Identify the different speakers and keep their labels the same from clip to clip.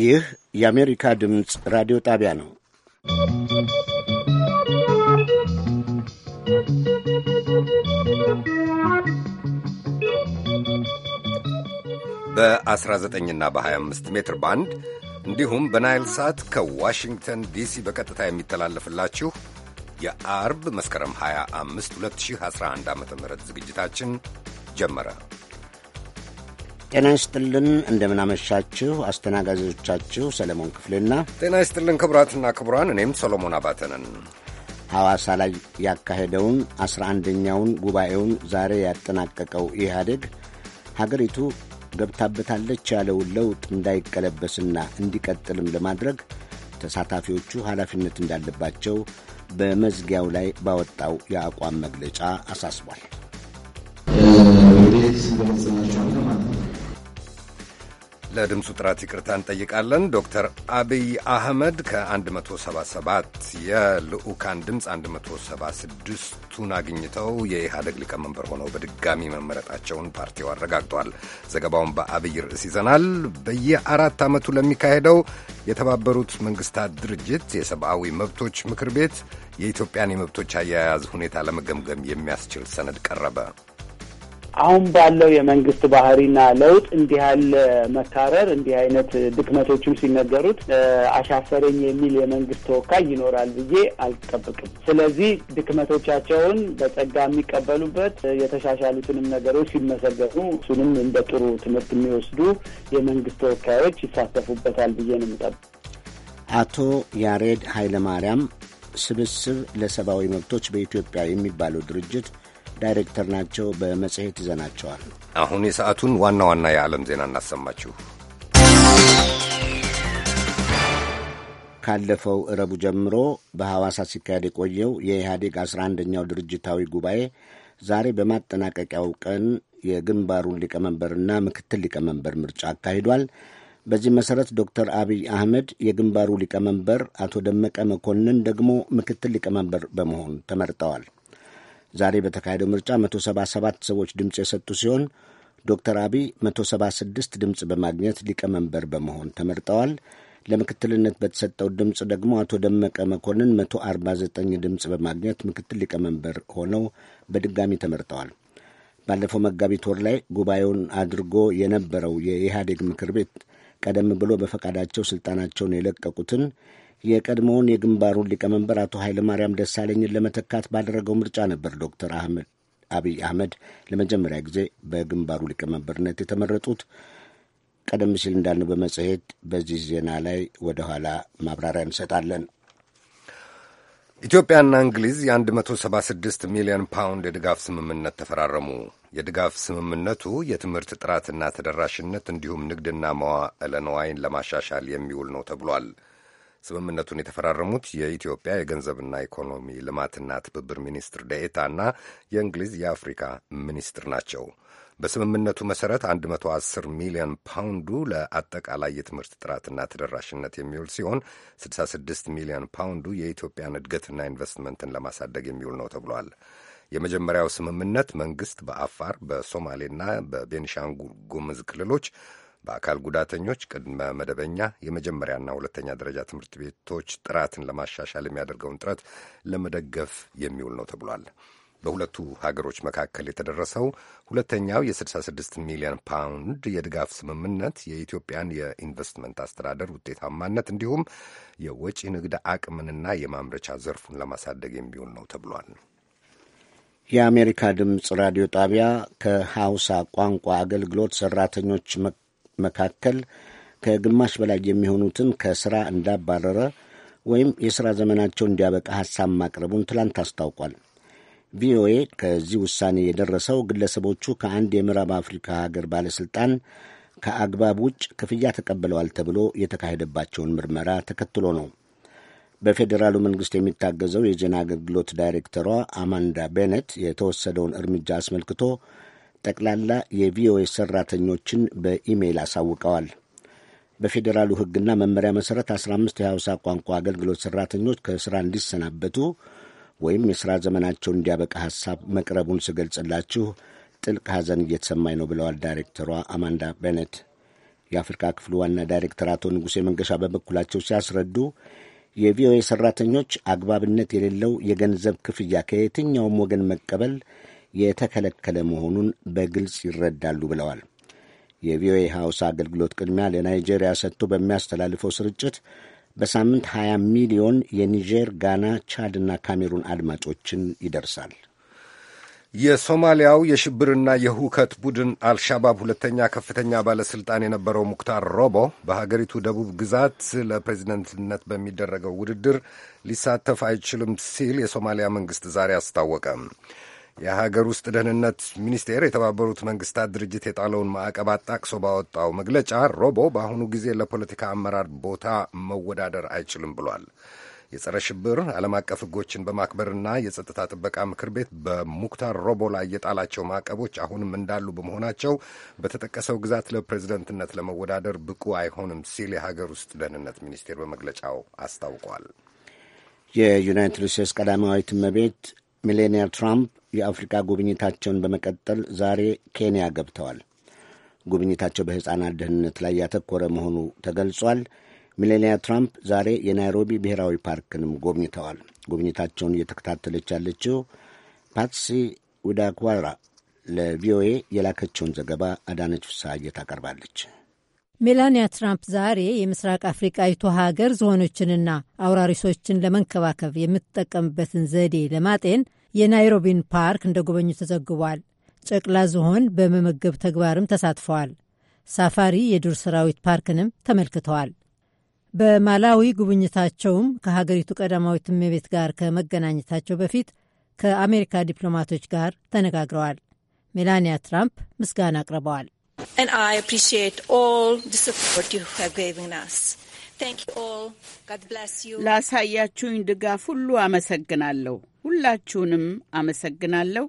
Speaker 1: ይህ የአሜሪካ ድምፅ ራዲዮ ጣቢያ ነው።
Speaker 2: 19
Speaker 3: እና በ25 ሜትር ባንድ እንዲሁም በናይል ሳት ከዋሽንግተን ዲሲ በቀጥታ የሚተላለፍላችሁ የአርብ መስከረም 25 2011 ዓ ም ዝግጅታችን ጀመረ።
Speaker 1: ጤና ይስጥልን እንደምናመሻችሁ። አስተናጋጆቻችሁ ሰለሞን ክፍሌና ጤና ይስጥልን ክቡራትና ክቡራን፣ እኔም ሰሎሞን አባተ ነን። ሐዋሳ ላይ ያካሄደውን አስራ አንደኛውን ጉባኤውን ዛሬ ያጠናቀቀው ኢህአዴግ ሀገሪቱ ገብታበታለች ያለውን ለውጥ እንዳይቀለበስና እንዲቀጥልም ለማድረግ ተሳታፊዎቹ ኃላፊነት እንዳለባቸው በመዝጊያው ላይ ባወጣው የአቋም መግለጫ አሳስቧል።
Speaker 3: ለድምፁ ጥራት ይቅርታ እንጠይቃለን። ዶክተር አብይ አህመድ ከ177 የልዑካን ድምፅ 176ቱን አግኝተው የኢህአደግ ሊቀመንበር ሆነው በድጋሚ መመረጣቸውን ፓርቲው አረጋግጧል። ዘገባውን በአብይ ርዕስ ይዘናል። በየአራት ዓመቱ ለሚካሄደው የተባበሩት መንግስታት ድርጅት የሰብአዊ መብቶች ምክር ቤት የኢትዮጵያን የመብቶች አያያዝ ሁኔታ ለመገምገም የሚያስችል ሰነድ ቀረበ።
Speaker 4: አሁን ባለው የመንግስት ባህሪና ለውጥ እንዲህ ያለ መካረር እንዲህ አይነት ድክመቶችም ሲነገሩት አሻፈረኝ የሚል የመንግስት ተወካይ ይኖራል ብዬ አልጠብቅም። ስለዚህ ድክመቶቻቸውን በጸጋ የሚቀበሉበት የተሻሻሉትንም ነገሮች ሲመሰገኑ እሱንም እንደ ጥሩ ትምህርት የሚወስዱ የመንግስት ተወካዮች ይሳተፉበታል ብዬ ነው የምጠብቅ።
Speaker 1: አቶ ያሬድ ኃይለማርያም ስብስብ ለሰብአዊ መብቶች በኢትዮጵያ የሚባለው ድርጅት ዳይሬክተር ናቸው። በመጽሔት ይዘናቸዋል።
Speaker 3: አሁን የሰዓቱን ዋና ዋና የዓለም ዜና እናሰማችሁ።
Speaker 1: ካለፈው እረቡ ጀምሮ በሐዋሳ ሲካሄድ የቆየው የኢህአዴግ 11ኛው ድርጅታዊ ጉባኤ ዛሬ በማጠናቀቂያው ቀን የግንባሩን ሊቀመንበርና ምክትል ሊቀመንበር ምርጫ አካሂዷል። በዚህ መሰረት ዶክተር አብይ አህመድ የግንባሩ ሊቀመንበር፣ አቶ ደመቀ መኮንን ደግሞ ምክትል ሊቀመንበር በመሆን ተመርጠዋል። ዛሬ በተካሄደው ምርጫ 177 ሰዎች ድምፅ የሰጡ ሲሆን ዶክተር አብይ 176 ድምፅ በማግኘት ሊቀመንበር በመሆን ተመርጠዋል። ለምክትልነት በተሰጠው ድምፅ ደግሞ አቶ ደመቀ መኮንን 149 ድምፅ በማግኘት ምክትል ሊቀመንበር ሆነው በድጋሚ ተመርጠዋል። ባለፈው መጋቢት ወር ላይ ጉባኤውን አድርጎ የነበረው የኢህአዴግ ምክር ቤት ቀደም ብሎ በፈቃዳቸው ስልጣናቸውን የለቀቁትን የቀድሞውን የግንባሩን ሊቀመንበር አቶ ኃይለማርያም ደሳለኝን ለመተካት ባደረገው ምርጫ ነበር ዶክተር አህመድ አብይ አህመድ ለመጀመሪያ ጊዜ በግንባሩ ሊቀመንበርነት የተመረጡት። ቀደም ሲል እንዳልነው በመጽሔት
Speaker 3: በዚህ ዜና ላይ ወደ ኋላ ማብራሪያ እንሰጣለን። ኢትዮጵያና እንግሊዝ የ176 ሚሊዮን ፓውንድ የድጋፍ ስምምነት ተፈራረሙ። የድጋፍ ስምምነቱ የትምህርት ጥራትና ተደራሽነት እንዲሁም ንግድና መዋዕለ ንዋይን ለማሻሻል የሚውል ነው ተብሏል። ስምምነቱን የተፈራረሙት የኢትዮጵያ የገንዘብና ኢኮኖሚ ልማትና ትብብር ሚኒስትር ደኤታና የእንግሊዝ የአፍሪካ ሚኒስትር ናቸው። በስምምነቱ መሠረት 110 ሚሊዮን ፓውንዱ ለአጠቃላይ የትምህርት ጥራትና ተደራሽነት የሚውል ሲሆን 66 ሚሊዮን ፓውንዱ የኢትዮጵያን እድገትና ኢንቨስትመንትን ለማሳደግ የሚውል ነው ተብሏል። የመጀመሪያው ስምምነት መንግሥት በአፋር በሶማሌና በቤኒሻንጉል ጉምዝ ክልሎች በአካል ጉዳተኞች ቅድመ መደበኛ የመጀመሪያና ሁለተኛ ደረጃ ትምህርት ቤቶች ጥራትን ለማሻሻል የሚያደርገውን ጥረት ለመደገፍ የሚውል ነው ተብሏል። በሁለቱ ሀገሮች መካከል የተደረሰው ሁለተኛው የ66 ሚሊዮን ፓውንድ የድጋፍ ስምምነት የኢትዮጵያን የኢንቨስትመንት አስተዳደር ውጤታማነት እንዲሁም የወጪ ንግድ አቅምንና የማምረቻ ዘርፉን ለማሳደግ የሚውል ነው ተብሏል።
Speaker 1: የአሜሪካ ድምፅ ራዲዮ ጣቢያ ከሐውሳ ቋንቋ አገልግሎት ሰራተኞች መካከል ከግማሽ በላይ የሚሆኑትን ከሥራ እንዳባረረ ወይም የሥራ ዘመናቸው እንዲያበቃ ሐሳብ ማቅረቡን ትላንት አስታውቋል። ቪኦኤ ከዚህ ውሳኔ የደረሰው ግለሰቦቹ ከአንድ የምዕራብ አፍሪካ ሀገር ባለሥልጣን ከአግባብ ውጭ ክፍያ ተቀብለዋል ተብሎ የተካሄደባቸውን ምርመራ ተከትሎ ነው። በፌዴራሉ መንግሥት የሚታገዘው የዜና አገልግሎት ዳይሬክተሯ አማንዳ ቤነት የተወሰደውን እርምጃ አስመልክቶ ጠቅላላ የቪኦኤ ሠራተኞችን በኢሜይል አሳውቀዋል። በፌዴራሉ ሕግና መመሪያ መሠረት 15 የሐውሳ ቋንቋ አገልግሎት ሠራተኞች ከሥራ እንዲሰናበቱ ወይም የሥራ ዘመናቸውን እንዲያበቃ ሐሳብ መቅረቡን ስገልጽላችሁ ጥልቅ ሐዘን እየተሰማኝ ነው ብለዋል ዳይሬክተሯ አማንዳ ቤኔት። የአፍሪካ ክፍሉ ዋና ዳይሬክተር አቶ ንጉሴ መንገሻ በበኩላቸው ሲያስረዱ የቪኦኤ ሠራተኞች አግባብነት የሌለው የገንዘብ ክፍያ ከየትኛውም ወገን መቀበል የተከለከለ መሆኑን በግልጽ ይረዳሉ ብለዋል። የቪኦኤ ሐውሳ አገልግሎት ቅድሚያ ለናይጄሪያ ሰጥቶ በሚያስተላልፈው ስርጭት በሳምንት 20 ሚሊዮን የኒጀር፣ ጋና፣ ቻድ
Speaker 3: ካሜሩን አድማጮችን ይደርሳል። የሶማሊያው የሽብርና የሁከት ቡድን አልሻባብ ሁለተኛ ከፍተኛ ባለሥልጣን የነበረው ሙክታር ሮቦ በሀገሪቱ ደቡብ ግዛት ለፕሬዚደንትነት በሚደረገው ውድድር ሊሳተፍ አይችልም ሲል የሶማሊያ መንግሥት ዛሬ አስታወቀ። የሀገር ውስጥ ደህንነት ሚኒስቴር የተባበሩት መንግስታት ድርጅት የጣለውን ማዕቀብ አጣቅሶ ባወጣው መግለጫ ሮቦ በአሁኑ ጊዜ ለፖለቲካ አመራር ቦታ መወዳደር አይችልም ብሏል። የጸረ ሽብር ዓለም አቀፍ ሕጎችን በማክበርና የጸጥታ ጥበቃ ምክር ቤት በሙክታር ሮቦ ላይ የጣላቸው ማዕቀቦች አሁንም እንዳሉ በመሆናቸው በተጠቀሰው ግዛት ለፕሬዝደንትነት ለመወዳደር ብቁ አይሆንም ሲል የሀገር ውስጥ ደህንነት ሚኒስቴር በመግለጫው አስታውቋል።
Speaker 1: የዩናይትድ ስቴትስ ቀዳማዊት እመቤት ሚሌኒያ ትራምፕ የአፍሪካ ጉብኝታቸውን በመቀጠል ዛሬ ኬንያ ገብተዋል። ጉብኝታቸው በሕፃናት ደህንነት ላይ ያተኮረ መሆኑ ተገልጿል። ሚሌኒያ ትራምፕ ዛሬ የናይሮቢ ብሔራዊ ፓርክንም ጎብኝተዋል። ጉብኝታቸውን እየተከታተለች ያለችው ፓትሲ ውዳኳራ ለቪኦኤ የላከችውን ዘገባ አዳነች ፍስሐዬ ታቀርባለች።
Speaker 5: ሜላንያ ትራምፕ ዛሬ የምስራቅ አፍሪቃዊቱ ሀገር ዝሆኖችንና አውራሪሶችን ለመንከባከብ የምትጠቀምበትን ዘዴ ለማጤን የናይሮቢን ፓርክ እንደ ጎበኙ ተዘግቧል። ጨቅላ ዝሆን በመመገብ ተግባርም ተሳትፈዋል። ሳፋሪ የዱር ሰራዊት ፓርክንም ተመልክተዋል። በማላዊ ጉብኝታቸውም ከሀገሪቱ ቀዳማዊት እመቤት ጋር ከመገናኘታቸው በፊት ከአሜሪካ ዲፕሎማቶች ጋር ተነጋግረዋል። ሜላኒያ ትራምፕ
Speaker 6: ምስጋና አቅርበዋል። ላሳያችሁኝ ድጋፍ ሁሉ አመሰግናለሁ። ሁላችሁንም አመሰግናለሁ።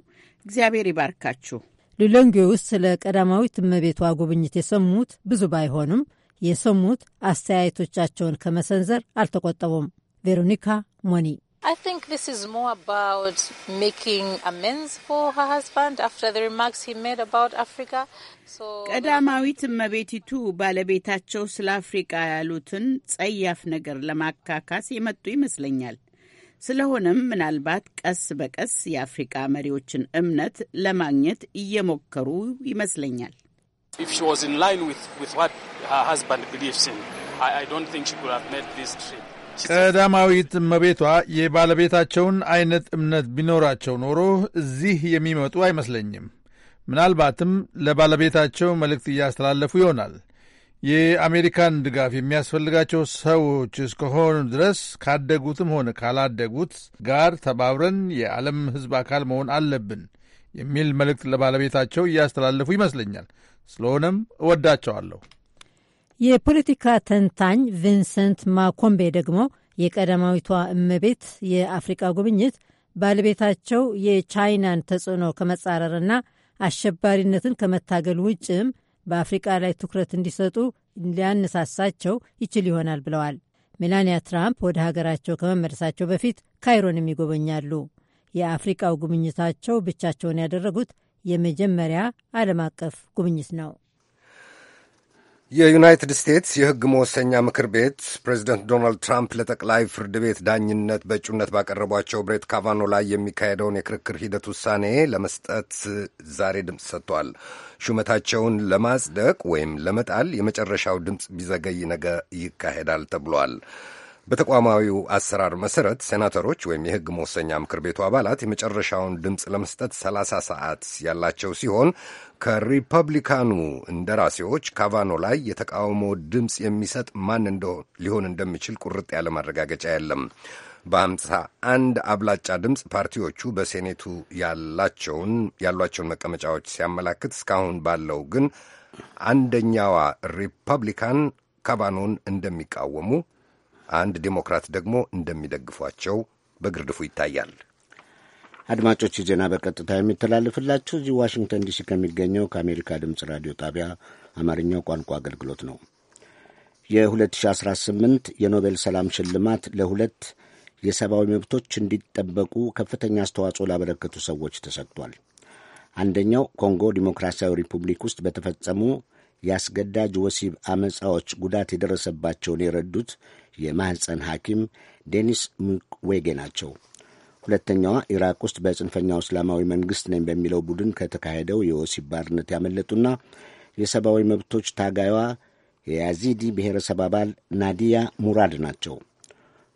Speaker 6: እግዚአብሔር ይባርካችሁ። ሉሎንጌ
Speaker 5: ውስጥ ስለ ቀዳማዊት እመቤቷ ጉብኝት የሰሙት ብዙ ባይሆንም የሰሙት አስተያየቶቻቸውን ከመሰንዘር አልተቆጠቡም። ቬሮኒካ ሞኒ
Speaker 6: ቀዳማዊት እመቤቲቱ ባለቤታቸው ስለ አፍሪቃ ያሉትን ጸያፍ ነገር ለማካካስ የመጡ ይመስለኛል። ስለሆነም ምናልባት ቀስ በቀስ የአፍሪቃ መሪዎችን እምነት ለማግኘት እየሞከሩ
Speaker 7: ይመስለኛል። ቀዳማዊት እመቤቷ የባለቤታቸውን አይነት እምነት ቢኖራቸው ኖሮ እዚህ የሚመጡ አይመስለኝም። ምናልባትም ለባለቤታቸው መልእክት እያስተላለፉ ይሆናል። የአሜሪካን ድጋፍ የሚያስፈልጋቸው ሰዎች እስከሆኑ ድረስ ካደጉትም ሆነ ካላደጉት ጋር ተባብረን የዓለም ሕዝብ አካል መሆን አለብን የሚል መልእክት ለባለቤታቸው እያስተላለፉ ይመስለኛል። ስለሆነም እወዳቸዋለሁ።
Speaker 5: የፖለቲካ ተንታኝ ቪንሰንት ማኮምቤ ደግሞ የቀዳማዊቷ እመቤት የአፍሪቃ ጉብኝት ባለቤታቸው የቻይናን ተጽዕኖ ከመጻረርና አሸባሪነትን ከመታገል ውጭም በአፍሪቃ ላይ ትኩረት እንዲሰጡ ሊያነሳሳቸው ይችል ይሆናል ብለዋል። ሜላንያ ትራምፕ ወደ ሀገራቸው ከመመለሳቸው በፊት ካይሮንም ይጎበኛሉ። የአፍሪቃው ጉብኝታቸው ብቻቸውን ያደረጉት የመጀመሪያ ዓለም አቀፍ ጉብኝት ነው።
Speaker 3: የዩናይትድ ስቴትስ የሕግ መወሰኛ ምክር ቤት ፕሬዚደንት ዶናልድ ትራምፕ ለጠቅላይ ፍርድ ቤት ዳኝነት በእጩነት ባቀረቧቸው ብሬት ካቫኖ ላይ የሚካሄደውን የክርክር ሂደት ውሳኔ ለመስጠት ዛሬ ድምፅ ሰጥቷል። ሹመታቸውን ለማጽደቅ ወይም ለመጣል የመጨረሻው ድምፅ ቢዘገይ ነገ ይካሄዳል ተብሏል። በተቋማዊው አሰራር መሰረት ሴናተሮች ወይም የሕግ መወሰኛ ምክር ቤቱ አባላት የመጨረሻውን ድምፅ ለመስጠት 30 ሰዓት ያላቸው ሲሆን ከሪፐብሊካኑ እንደራሴዎች ካቫኖ ላይ የተቃውሞ ድምፅ የሚሰጥ ማን ሊሆን እንደሚችል ቁርጥ ያለ ማረጋገጫ የለም። በሀምሳ አንድ አብላጫ ድምፅ ፓርቲዎቹ በሴኔቱ ያላቸውን ያሏቸውን መቀመጫዎች ሲያመላክት እስካሁን ባለው ግን አንደኛዋ ሪፐብሊካን ካቫኖን እንደሚቃወሙ፣ አንድ ዴሞክራት ደግሞ እንደሚደግፏቸው በግርድፉ ይታያል።
Speaker 1: አድማጮች ዜና በቀጥታ የሚተላለፍላችሁ እዚህ ዋሽንግተን ዲሲ ከሚገኘው ከአሜሪካ ድምፅ ራዲዮ ጣቢያ አማርኛው ቋንቋ አገልግሎት ነው። የ2018 የኖቤል ሰላም ሽልማት ለሁለት የሰብአዊ መብቶች እንዲጠበቁ ከፍተኛ አስተዋጽኦ ላበረከቱ ሰዎች ተሰጥቷል። አንደኛው ኮንጎ ዲሞክራሲያዊ ሪፑብሊክ ውስጥ በተፈጸሙ የአስገዳጅ ወሲብ አመፃዎች ጉዳት የደረሰባቸውን የረዱት የማህፀን ሐኪም ዴኒስ ሙክዌጌ ናቸው። ሁለተኛዋ ኢራቅ ውስጥ በጽንፈኛው እስላማዊ መንግስት ነኝ በሚለው ቡድን ከተካሄደው የወሲብ ባርነት ያመለጡና የሰብአዊ መብቶች ታጋይዋ የያዚዲ ብሔረሰብ አባል ናዲያ ሙራድ ናቸው።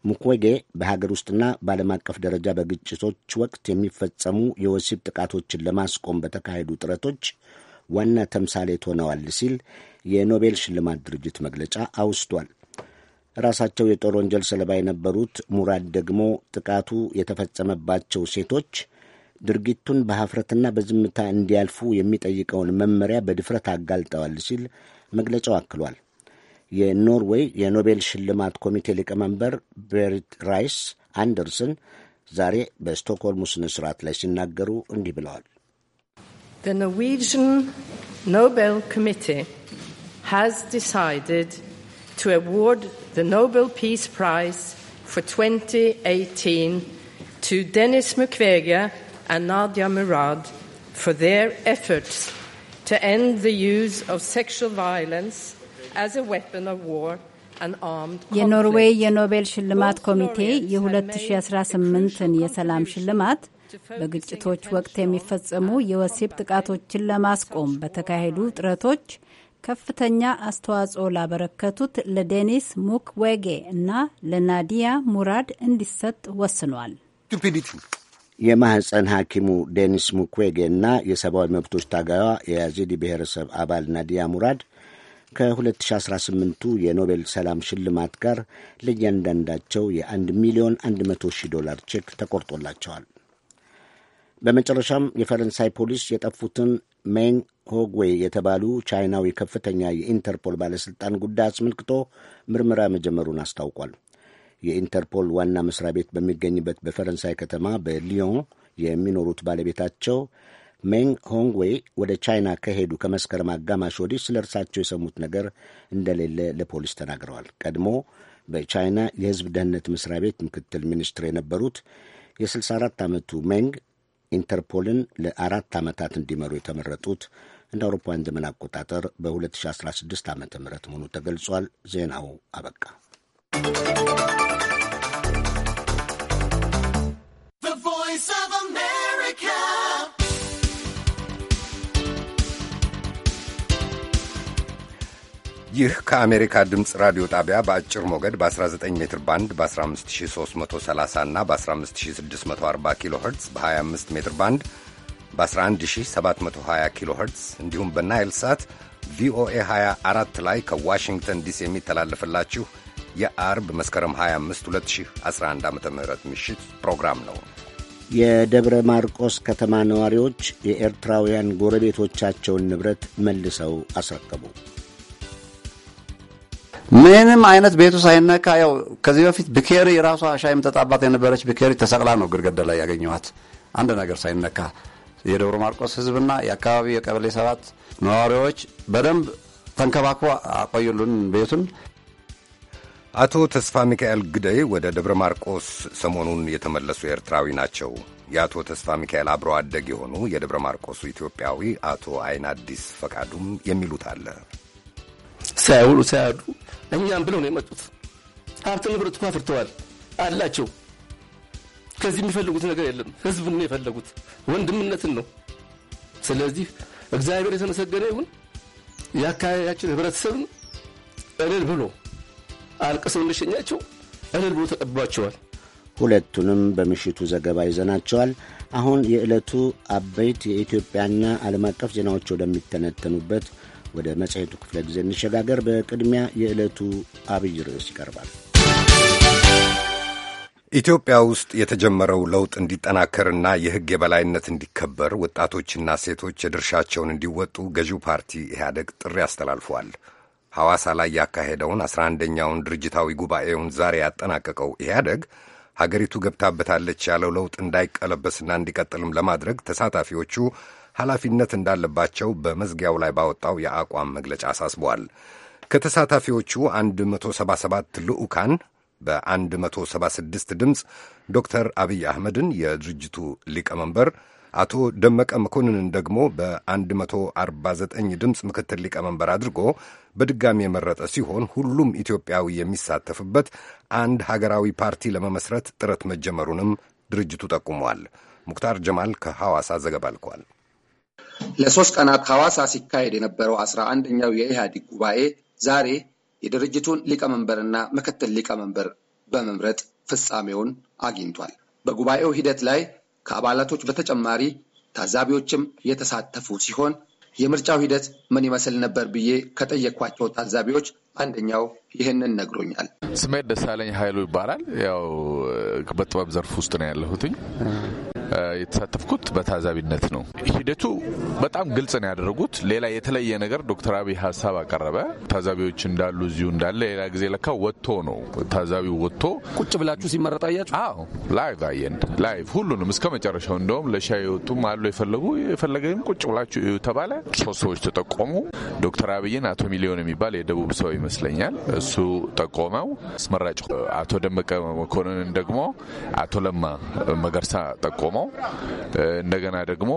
Speaker 1: ሙኮጌ በሀገር ውስጥና በዓለም አቀፍ ደረጃ በግጭቶች ወቅት የሚፈጸሙ የወሲብ ጥቃቶችን ለማስቆም በተካሄዱ ጥረቶች ዋና ተምሳሌት ሆነዋል ሲል የኖቤል ሽልማት ድርጅት መግለጫ አውስቷል። ራሳቸው የጦር ወንጀል ሰለባ የነበሩት ሙራድ ደግሞ ጥቃቱ የተፈጸመባቸው ሴቶች ድርጊቱን በሀፍረትና በዝምታ እንዲያልፉ የሚጠይቀውን መመሪያ በድፍረት አጋልጠዋል ሲል መግለጫው አክሏል። የኖርዌይ የኖቤል ሽልማት ኮሚቴ ሊቀመንበር ቤሪት ራይስ አንደርሰን ዛሬ በስቶክሆልሙ ስነ ስርዓት ላይ ሲናገሩ እንዲህ ብለዋል።
Speaker 8: ኖቤል ኮሚቴ
Speaker 6: Nobel Committee the Nobel Peace Prize for 2018 to Denis Mukwege and Nadia Murad for their efforts to end the use of sexual violence as a weapon of war የኖርዌይ የኖቤል ሽልማት ኮሚቴ የ2018ን የሰላም ሽልማት በግጭቶች ወቅት የሚፈጸሙ የወሲብ ጥቃቶችን ለማስቆም በተካሄዱ ጥረቶች ከፍተኛ አስተዋጽኦ ላበረከቱት ለዴኒስ ሙክዌጌ እና ለናዲያ ሙራድ እንዲሰጥ ወስኗል።
Speaker 1: የማህፀን ሐኪሙ ዴኒስ ሙክዌጌ እና የሰብአዊ መብቶች ታጋዩ የያዚዲ ብሔረሰብ አባል ናዲያ ሙራድ ከ2018ቱ የኖቤል ሰላም ሽልማት ጋር ለእያንዳንዳቸው የ1 ሚሊዮን 100 ሺህ ዶላር ቼክ ተቆርጦላቸዋል። በመጨረሻም የፈረንሳይ ፖሊስ የጠፉትን ሜን ሆግዌ የተባሉ ቻይናዊ ከፍተኛ የኢንተርፖል ባለሥልጣን ጉዳይ አስመልክቶ ምርመራ መጀመሩን አስታውቋል። የኢንተርፖል ዋና መስሪያ ቤት በሚገኝበት በፈረንሳይ ከተማ በሊዮን የሚኖሩት ባለቤታቸው ሜንግ ሆንግዌይ ወደ ቻይና ከሄዱ ከመስከረም አጋማሽ ወዲህ ስለ እርሳቸው የሰሙት ነገር እንደሌለ ለፖሊስ ተናግረዋል። ቀድሞ በቻይና የሕዝብ ደህንነት መስሪያ ቤት ምክትል ሚኒስትር የነበሩት የ64 ዓመቱ ሜንግ ኢንተርፖልን ለአራት ዓመታት እንዲመሩ የተመረጡት እንደ አውሮፓውያን ዘመን አቆጣጠር በ2016 ዓ ም መሆኑ ተገልጿል። ዜናው
Speaker 7: አበቃ።
Speaker 3: ይህ ከአሜሪካ ድምፅ ራዲዮ ጣቢያ በአጭር ሞገድ በ19 ሜትር ባንድ በ15330 እና በ15640 ኪሎ ኸርትዝ በ25 ሜትር ባንድ በ11720 ኪሎ ኸርትዝ እንዲሁም በናይል ሳት ቪኦኤ 24 ላይ ከዋሽንግተን ዲሲ የሚተላለፍላችሁ የአርብ መስከረም 25 2011 ዓ ም ምሽት ፕሮግራም ነው።
Speaker 1: የደብረ ማርቆስ ከተማ ነዋሪዎች የኤርትራውያን ጎረቤቶቻቸውን
Speaker 9: ንብረት መልሰው አስረከቡ። ምንም አይነት ቤቱ ሳይነካ ያው ከዚህ በፊት ብኬሪ ራሷ ሻይ የምጠጣባት የነበረች ብኬሪ ተሰቅላ ነው ግድግዳ ላይ ያገኘኋት አንድ ነገር ሳይነካ የደብረ ማርቆስ ህዝብና የአካባቢው የቀበሌ ሰባት ነዋሪዎች በደንብ ተንከባክቦ አቆዩልን ቤቱን።
Speaker 3: አቶ ተስፋ ሚካኤል ግደይ ወደ ደብረ ማርቆስ ሰሞኑን የተመለሱ ኤርትራዊ ናቸው። የአቶ ተስፋ ሚካኤል አብሮ አደግ የሆኑ የደብረ ማርቆሱ ኢትዮጵያዊ አቶ አይን አዲስ ፈቃዱም የሚሉት አለ።
Speaker 2: ሳያውሉ ሳያዱ እኛም ብለው ነው የመጡት። ሀብት ንብረት እኮ አፍርተዋል አላቸው ከዚህ የሚፈልጉት ነገር የለም። ህዝብ ነው የፈለጉት፣ ወንድምነትን ነው። ስለዚህ እግዚአብሔር የተመሰገነ ይሁን። የአካባቢያችን ህብረተሰብ እልል ብሎ አልቅሰው እንደሸኛቸው እልል ብሎ ተቀብሏቸዋል።
Speaker 1: ሁለቱንም በምሽቱ ዘገባ ይዘናቸዋል። አሁን የዕለቱ አበይት የኢትዮጵያና ዓለም አቀፍ ዜናዎች ወደሚተነተኑበት ወደ መጽሔቱ ክፍለ ጊዜ እንሸጋገር። በቅድሚያ የዕለቱ አብይ ርዕስ ይቀርባል።
Speaker 3: ኢትዮጵያ ውስጥ የተጀመረው ለውጥ እንዲጠናከርና የሕግ የበላይነት እንዲከበር ወጣቶችና ሴቶች የድርሻቸውን እንዲወጡ ገዢው ፓርቲ ኢህአደግ ጥሪ አስተላልፏል። ሐዋሳ ላይ ያካሄደውን አስራ አንደኛውን ድርጅታዊ ጉባኤውን ዛሬ ያጠናቀቀው ኢህአደግ ሀገሪቱ ገብታበታለች ያለው ለውጥ እንዳይቀለበስና እንዲቀጥልም ለማድረግ ተሳታፊዎቹ ኃላፊነት እንዳለባቸው በመዝጊያው ላይ ባወጣው የአቋም መግለጫ አሳስበዋል። ከተሳታፊዎቹ 177 ልዑካን በ176 ድምፅ ዶክተር አብይ አህመድን የድርጅቱ ሊቀመንበር አቶ ደመቀ መኮንንን ደግሞ በ149 ድምፅ ምክትል ሊቀመንበር አድርጎ በድጋሚ የመረጠ ሲሆን ሁሉም ኢትዮጵያዊ የሚሳተፍበት አንድ ሀገራዊ ፓርቲ ለመመስረት ጥረት መጀመሩንም ድርጅቱ ጠቁሟል። ሙክታር ጀማል ከሐዋሳ ዘገባ ልኳል።
Speaker 10: ለሶስት ቀናት ሐዋሳ ሲካሄድ የነበረው አስራ አንደኛው የኢህአዲግ ጉባኤ ዛሬ የድርጅቱን ሊቀመንበርና ምክትል ሊቀመንበር በመምረጥ ፍጻሜውን አግኝቷል። በጉባኤው ሂደት ላይ ከአባላቶች በተጨማሪ ታዛቢዎችም የተሳተፉ ሲሆን የምርጫው ሂደት ምን ይመስል ነበር ብዬ ከጠየኳቸው ታዛቢዎች አንደኛው ይህንን ነግሮኛል።
Speaker 7: ስሜት ደሳለኝ ኃይሉ ይባላል። ያው በጥበብ ዘርፍ ውስጥ ነው ያለሁትኝ። የተሳተፍኩት በታዛቢነት ነው። ሂደቱ በጣም ግልጽ ነው ያደረጉት። ሌላ የተለየ ነገር ዶክተር አብይ ሀሳብ አቀረበ። ታዛቢዎች እንዳሉ እዚሁ እንዳለ ሌላ ጊዜ ለካ ወጥቶ ነው ታዛቢው ወጥቶ ቁጭ ብላችሁ ሲመረጥ አያችሁ። አዎ ላይቭ አየን፣ ላይቭ ሁሉንም እስከ መጨረሻው። እንደውም ለሻይ የወጡም አሉ የፈለጉ የፈለገም ቁጭ ብላችሁ እዩ ተባለ። ሶስት ሰዎች ተጠቆሙ። ዶክተር አብይን አቶ ሚሊዮን የሚባል የደቡብ ሰው ይመስለኛል እሱ ጠቆመው። አስመራጭ አቶ ደመቀ መኮንንን ደግሞ አቶ ለማ መገርሳ ጠቆመ። ጠቆመው። እንደገና ደግሞ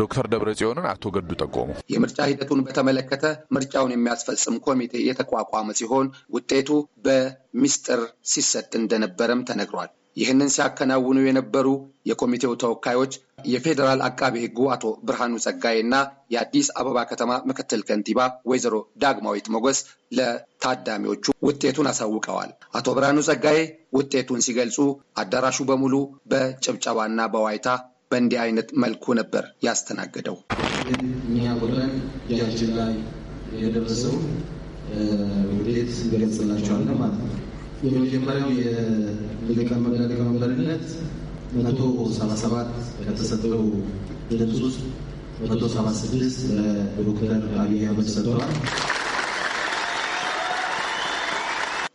Speaker 7: ዶክተር ደብረ ጽዮንን አቶ ገዱ ጠቆሙ። የምርጫ
Speaker 10: ሂደቱን በተመለከተ ምርጫውን የሚያስፈጽም ኮሚቴ የተቋቋመ ሲሆን ውጤቱ በሚስጥር ሲሰጥ እንደነበረም ተነግሯል። ይህንን ሲያከናውኑ የነበሩ የኮሚቴው ተወካዮች የፌዴራል አቃቤ ሕጉ አቶ ብርሃኑ ጸጋዬ እና የአዲስ አበባ ከተማ ምክትል ከንቲባ ወይዘሮ ዳግማዊት ሞገስ ለታዳሚዎቹ ውጤቱን አሳውቀዋል። አቶ ብርሃኑ ጸጋዬ ውጤቱን ሲገልጹ አዳራሹ በሙሉ በጭብጨባና በዋይታ በእንዲህ አይነት መልኩ ነበር ያስተናገደው።
Speaker 7: የሚያቆጠን
Speaker 11: እጃችን ላይ የደረሰው ውጤት እንገልጽላቸዋለን ማለት ነው። የመጀመሪያው የሊቀ መምህርነት መቶ ሰባ ሰባት ከተሰጠው ድምፅ ውስጥ መቶ ሰባ ስድስት ለዶክተር አብይ አህመድ ሰጥተዋል።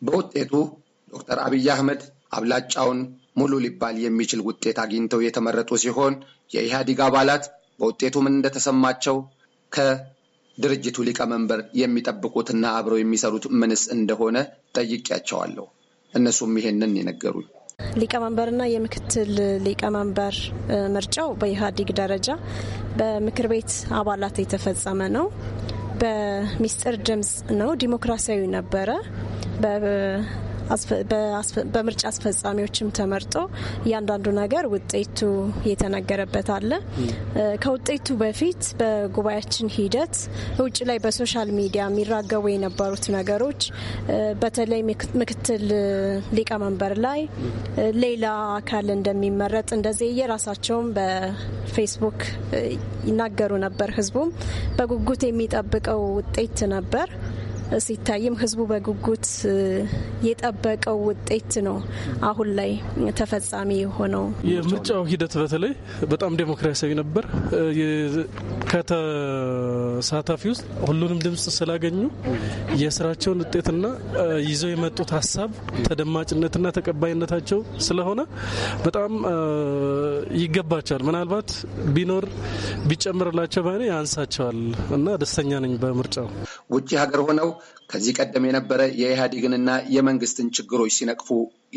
Speaker 10: በውጤቱ ዶክተር አብይ አህመድ አብላጫውን ሙሉ ሊባል የሚችል ውጤት አግኝተው የተመረጡ ሲሆን የኢህአዲግ አባላት በውጤቱ ምን እንደተሰማቸው ከድርጅቱ ሊቀመንበር የሚጠብቁትና አብረው የሚሰሩት ምንስ እንደሆነ ጠይቄያቸዋለሁ። እነሱም ይሄንን የነገሩኝ።
Speaker 12: ሊቀመንበርና የምክትል ሊቀመንበር ምርጫው በኢህአዴግ ደረጃ በምክር ቤት አባላት የተፈጸመ ነው። በሚስጥር ድምፅ ነው። ዲሞክራሲያዊ ነበረ። በምርጫ አስፈጻሚዎችም ተመርጦ እያንዳንዱ ነገር ውጤቱ የተነገረበት አለ። ከውጤቱ በፊት በጉባኤያችን ሂደት ውጭ ላይ በሶሻል ሚዲያ የሚራገቡ የነበሩት ነገሮች በተለይ ምክትል ሊቀመንበር ላይ ሌላ አካል እንደሚመረጥ እንደዚህ የራሳቸውም በፌስቡክ ይናገሩ ነበር። ህዝቡም በጉጉት የሚጠብቀው ውጤት ነበር። ሲታይም ህዝቡ በጉጉት የጠበቀው ውጤት ነው አሁን ላይ ተፈጻሚ የሆነው።
Speaker 2: የምርጫው ሂደት በተለይ በጣም ዴሞክራሲያዊ ነበር። ከተሳታፊ ውስጥ ሁሉንም ድምፅ ስላገኙ የስራቸውን ውጤትና ይዘው የመጡት ሀሳብ ተደማጭነትና ተቀባይነታቸው ስለሆነ በጣም ይገባቸዋል። ምናልባት ቢኖር ቢጨምርላቸው ባይ ያንሳቸዋል እና ደስተኛ ነኝ በምርጫው።
Speaker 10: ውጭ ሀገር ሆነው ከዚህ ቀደም የነበረ የኢህአዴግንና የመንግስትን ችግሮች ሲነቅፉ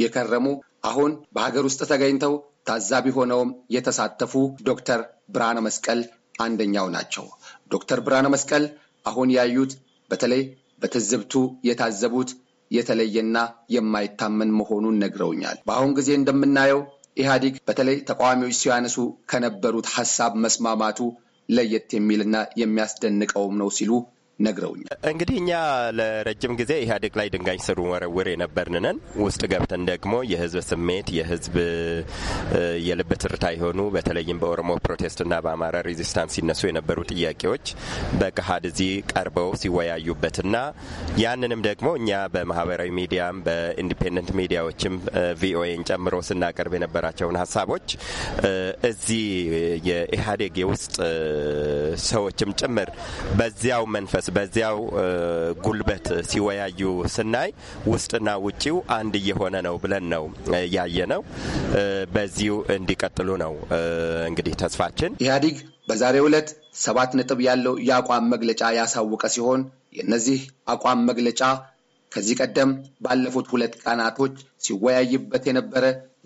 Speaker 10: የከረሙ አሁን በሀገር ውስጥ ተገኝተው ታዛቢ ሆነውም የተሳተፉ ዶክተር ብርሃነ መስቀል አንደኛው ናቸው። ዶክተር ብርሃነ መስቀል አሁን ያዩት በተለይ በትዝብቱ የታዘቡት የተለየና የማይታመን መሆኑን ነግረውኛል። በአሁን ጊዜ እንደምናየው ኢህአዴግ በተለይ ተቃዋሚዎች ሲያነሱ ከነበሩት ሀሳብ መስማማቱ ለየት የሚልና የሚያስደንቀውም ነው ሲሉ ነግረውኛል።
Speaker 8: እንግዲህ እኛ ለረጅም ጊዜ ኢህአዴግ ላይ ድንጋይ ስሩ ወረውር የነበርንነን ውስጥ ገብተን ደግሞ የህዝብ ስሜት የህዝብ የልብ ትርታ የሆኑ በተለይም በኦሮሞ ፕሮቴስትና በአማራ ሬዚስታንስ ሲነሱ የነበሩ ጥያቄዎች በገሀድ እዚህ ቀርበው ሲወያዩበትና ያንንም ደግሞ እኛ በማህበራዊ ሚዲያም በኢንዲፔንደንት ሚዲያዎችም ቪኦኤን ጨምሮ ስናቀርብ የነበራቸውን ሀሳቦች እዚህ የኢህአዴግ የውስጥ ሰዎችም ጭምር በዚያው መንፈስ በዚያው ጉልበት ሲወያዩ ስናይ ውስጥና ውጪው አንድ እየሆነ ነው ብለን ነው ያየ ነው። በዚሁ እንዲቀጥሉ ነው እንግዲህ ተስፋችን።
Speaker 10: ኢህአዲግ በዛሬው ዕለት ሰባት ነጥብ ያለው የአቋም መግለጫ ያሳወቀ ሲሆን የእነዚህ አቋም መግለጫ ከዚህ ቀደም ባለፉት ሁለት ቀናቶች ሲወያይበት የነበረ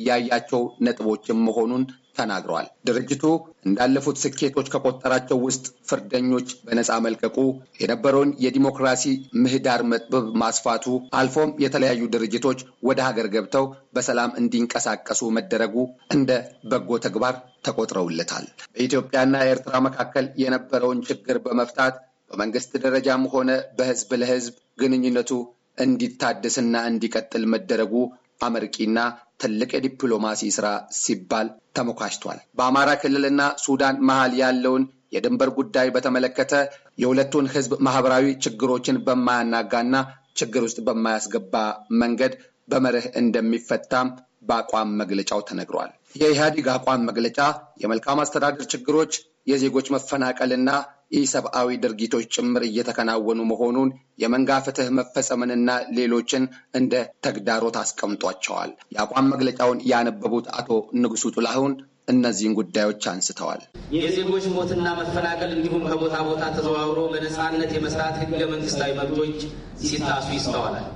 Speaker 10: ያያቸው ነጥቦችም መሆኑን ተናግረዋል። ድርጅቱ እንዳለፉት ስኬቶች ከቆጠራቸው ውስጥ ፍርደኞች በነፃ መልቀቁ፣ የነበረውን የዲሞክራሲ ምህዳር መጥበብ ማስፋቱ፣ አልፎም የተለያዩ ድርጅቶች ወደ ሀገር ገብተው በሰላም እንዲንቀሳቀሱ መደረጉ እንደ በጎ ተግባር ተቆጥረውለታል። በኢትዮጵያና ኤርትራ መካከል የነበረውን ችግር በመፍታት በመንግስት ደረጃም ሆነ በህዝብ ለህዝብ ግንኙነቱ እንዲታደስና እንዲቀጥል መደረጉ አመርቂና ትልቅ የዲፕሎማሲ ስራ ሲባል ተሞካሽቷል። በአማራ ክልልና ሱዳን መሃል ያለውን የድንበር ጉዳይ በተመለከተ የሁለቱን ህዝብ ማህበራዊ ችግሮችን በማያናጋና ችግር ውስጥ በማያስገባ መንገድ በመርህ እንደሚፈታም በአቋም መግለጫው ተነግሯል። የኢህአዲግ አቋም መግለጫ የመልካም አስተዳደር ችግሮች፣ የዜጎች መፈናቀልና ኢሰብአዊ ድርጊቶች ጭምር እየተከናወኑ መሆኑን የመንጋ ፍትህ መፈጸምንና ሌሎችን እንደ ተግዳሮት አስቀምጧቸዋል። የአቋም መግለጫውን ያነበቡት አቶ ንጉሱ ጥላሁን እነዚህን ጉዳዮች አንስተዋል።
Speaker 11: የዜጎች ሞትና መፈናቀል እንዲሁም ከቦታ ቦታ ተዘዋውሮ በነፃነት የመስራት ህገ መንግስታዊ መብቶች ሲጣሱ ይስተዋላል።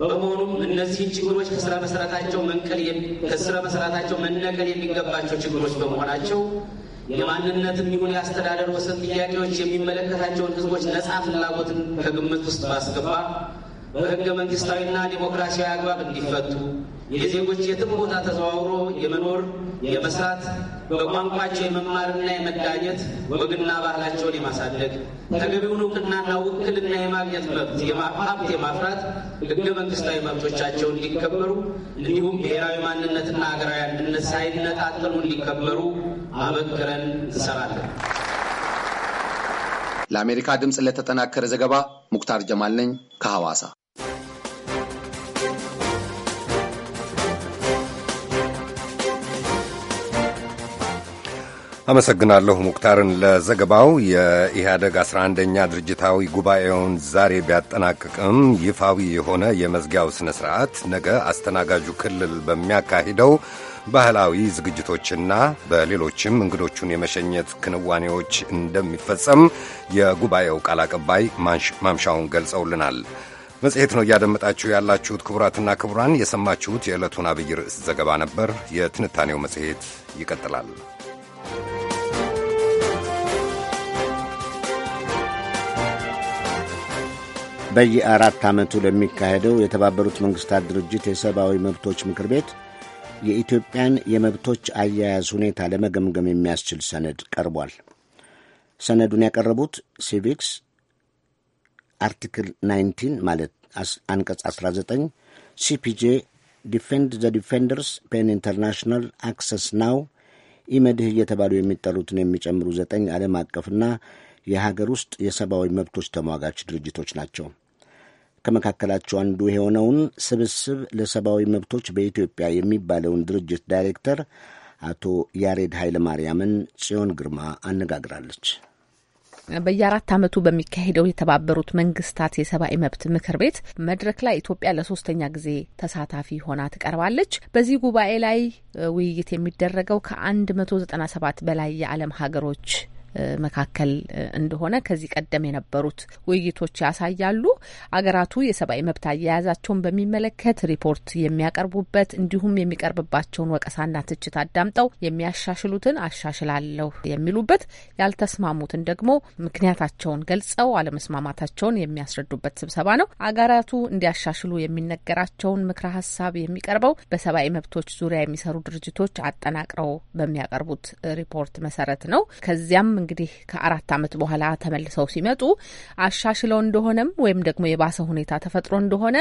Speaker 11: በመሆኑም እነዚህን ችግሮች ከስራ መሰረታቸው መነቀል የሚገባቸው ችግሮች በመሆናቸው የማንነትም ይሁን የአስተዳደር ወሰን ጥያቄዎች የሚመለከታቸውን ህዝቦች ነጻ ፍላጎትን ከግምት ውስጥ ማስገባት
Speaker 7: በህገ መንግስታዊና ዴሞክራሲያዊ አግባብ እንዲፈቱ
Speaker 11: የዜጎች የትም ቦታ ተዘዋውሮ የመኖር የመስራት በቋንቋቸው የመማርና የመዳኘት ወግና ባህላቸውን የማሳደግ ተገቢውን እውቅናና ውክልና የማግኘት መብት ሀብት የማፍራት ህገ መንግስታዊ መብቶቻቸው እንዲከበሩ እንዲሁም ብሔራዊ ማንነትና ሀገራዊ አንድነት ሳይነጣጠሉ እንዲከበሩ አበክረን እንሰራለን።
Speaker 10: ለአሜሪካ ድምፅ ለተጠናከረ ዘገባ ሙክታር ጀማል ነኝ ከሐዋሳ።
Speaker 3: አመሰግናለሁ ሙክታርን ለዘገባው። የኢህአደግ 11ኛ ድርጅታዊ ጉባኤውን ዛሬ ቢያጠናቅቅም ይፋዊ የሆነ የመዝጊያው ሥነ ሥርዓት ነገ አስተናጋጁ ክልል በሚያካሂደው ባህላዊ ዝግጅቶችና በሌሎችም እንግዶቹን የመሸኘት ክንዋኔዎች እንደሚፈጸም የጉባኤው ቃል አቀባይ ማምሻውን ገልጸውልናል። መጽሔት ነው እያደመጣችሁ ያላችሁት። ክቡራትና ክቡራን የሰማችሁት የዕለቱን አብይ ርዕስ ዘገባ ነበር። የትንታኔው መጽሔት ይቀጥላል።
Speaker 1: በየአራት ዓመቱ ለሚካሄደው የተባበሩት መንግሥታት ድርጅት የሰብአዊ መብቶች ምክር ቤት የኢትዮጵያን የመብቶች አያያዝ ሁኔታ ለመገምገም የሚያስችል ሰነድ ቀርቧል። ሰነዱን ያቀረቡት ሲቪክስ አርቲክል 19 ማለት አንቀጽ 19፣ ሲፒጄ፣ ዲፌንድ ዘ ዲፌንደርስ፣ ፔን ኢንተርናሽናል፣ አክሰስ ናው፣ ኢመድህ እየተባሉ የሚጠሩትን የሚጨምሩ ዘጠኝ ዓለም አቀፍና የሀገር ውስጥ የሰብአዊ መብቶች ተሟጋች ድርጅቶች ናቸው። ከመካከላቸው አንዱ የሆነውን ስብስብ ለሰብአዊ መብቶች በኢትዮጵያ የሚባለውን ድርጅት ዳይሬክተር አቶ ያሬድ ኃይለማርያምን ጽዮን ግርማ አነጋግራለች።
Speaker 13: በየአራት ዓመቱ በሚካሄደው የተባበሩት መንግስታት የሰብአዊ መብት ምክር ቤት መድረክ ላይ ኢትዮጵያ ለሶስተኛ ጊዜ ተሳታፊ ሆና ትቀርባለች። በዚህ ጉባኤ ላይ ውይይት የሚደረገው ከ197 በላይ የዓለም ሀገሮች መካከል እንደሆነ ከዚህ ቀደም የነበሩት ውይይቶች ያሳያሉ። አገራቱ የሰብአዊ መብት አያያዛቸውን በሚመለከት ሪፖርት የሚያቀርቡበት እንዲሁም የሚቀርብባቸውን ወቀሳና ትችት አዳምጠው የሚያሻሽሉትን አሻሽላለሁ የሚሉበት፣ ያልተስማሙትን ደግሞ ምክንያታቸውን ገልጸው አለመስማማታቸውን የሚያስረዱበት ስብሰባ ነው። አገራቱ እንዲያሻሽሉ የሚነገራቸውን ምክረ ሀሳብ የሚቀርበው በሰብአዊ መብቶች ዙሪያ የሚሰሩ ድርጅቶች አጠናቅረው በሚያቀርቡት ሪፖርት መሰረት ነው። ከዚያም እንግዲህ ከአራት ዓመት በኋላ ተመልሰው ሲመጡ አሻሽለው እንደሆነም ወይም ደግሞ የባሰ ሁኔታ ተፈጥሮ እንደሆነ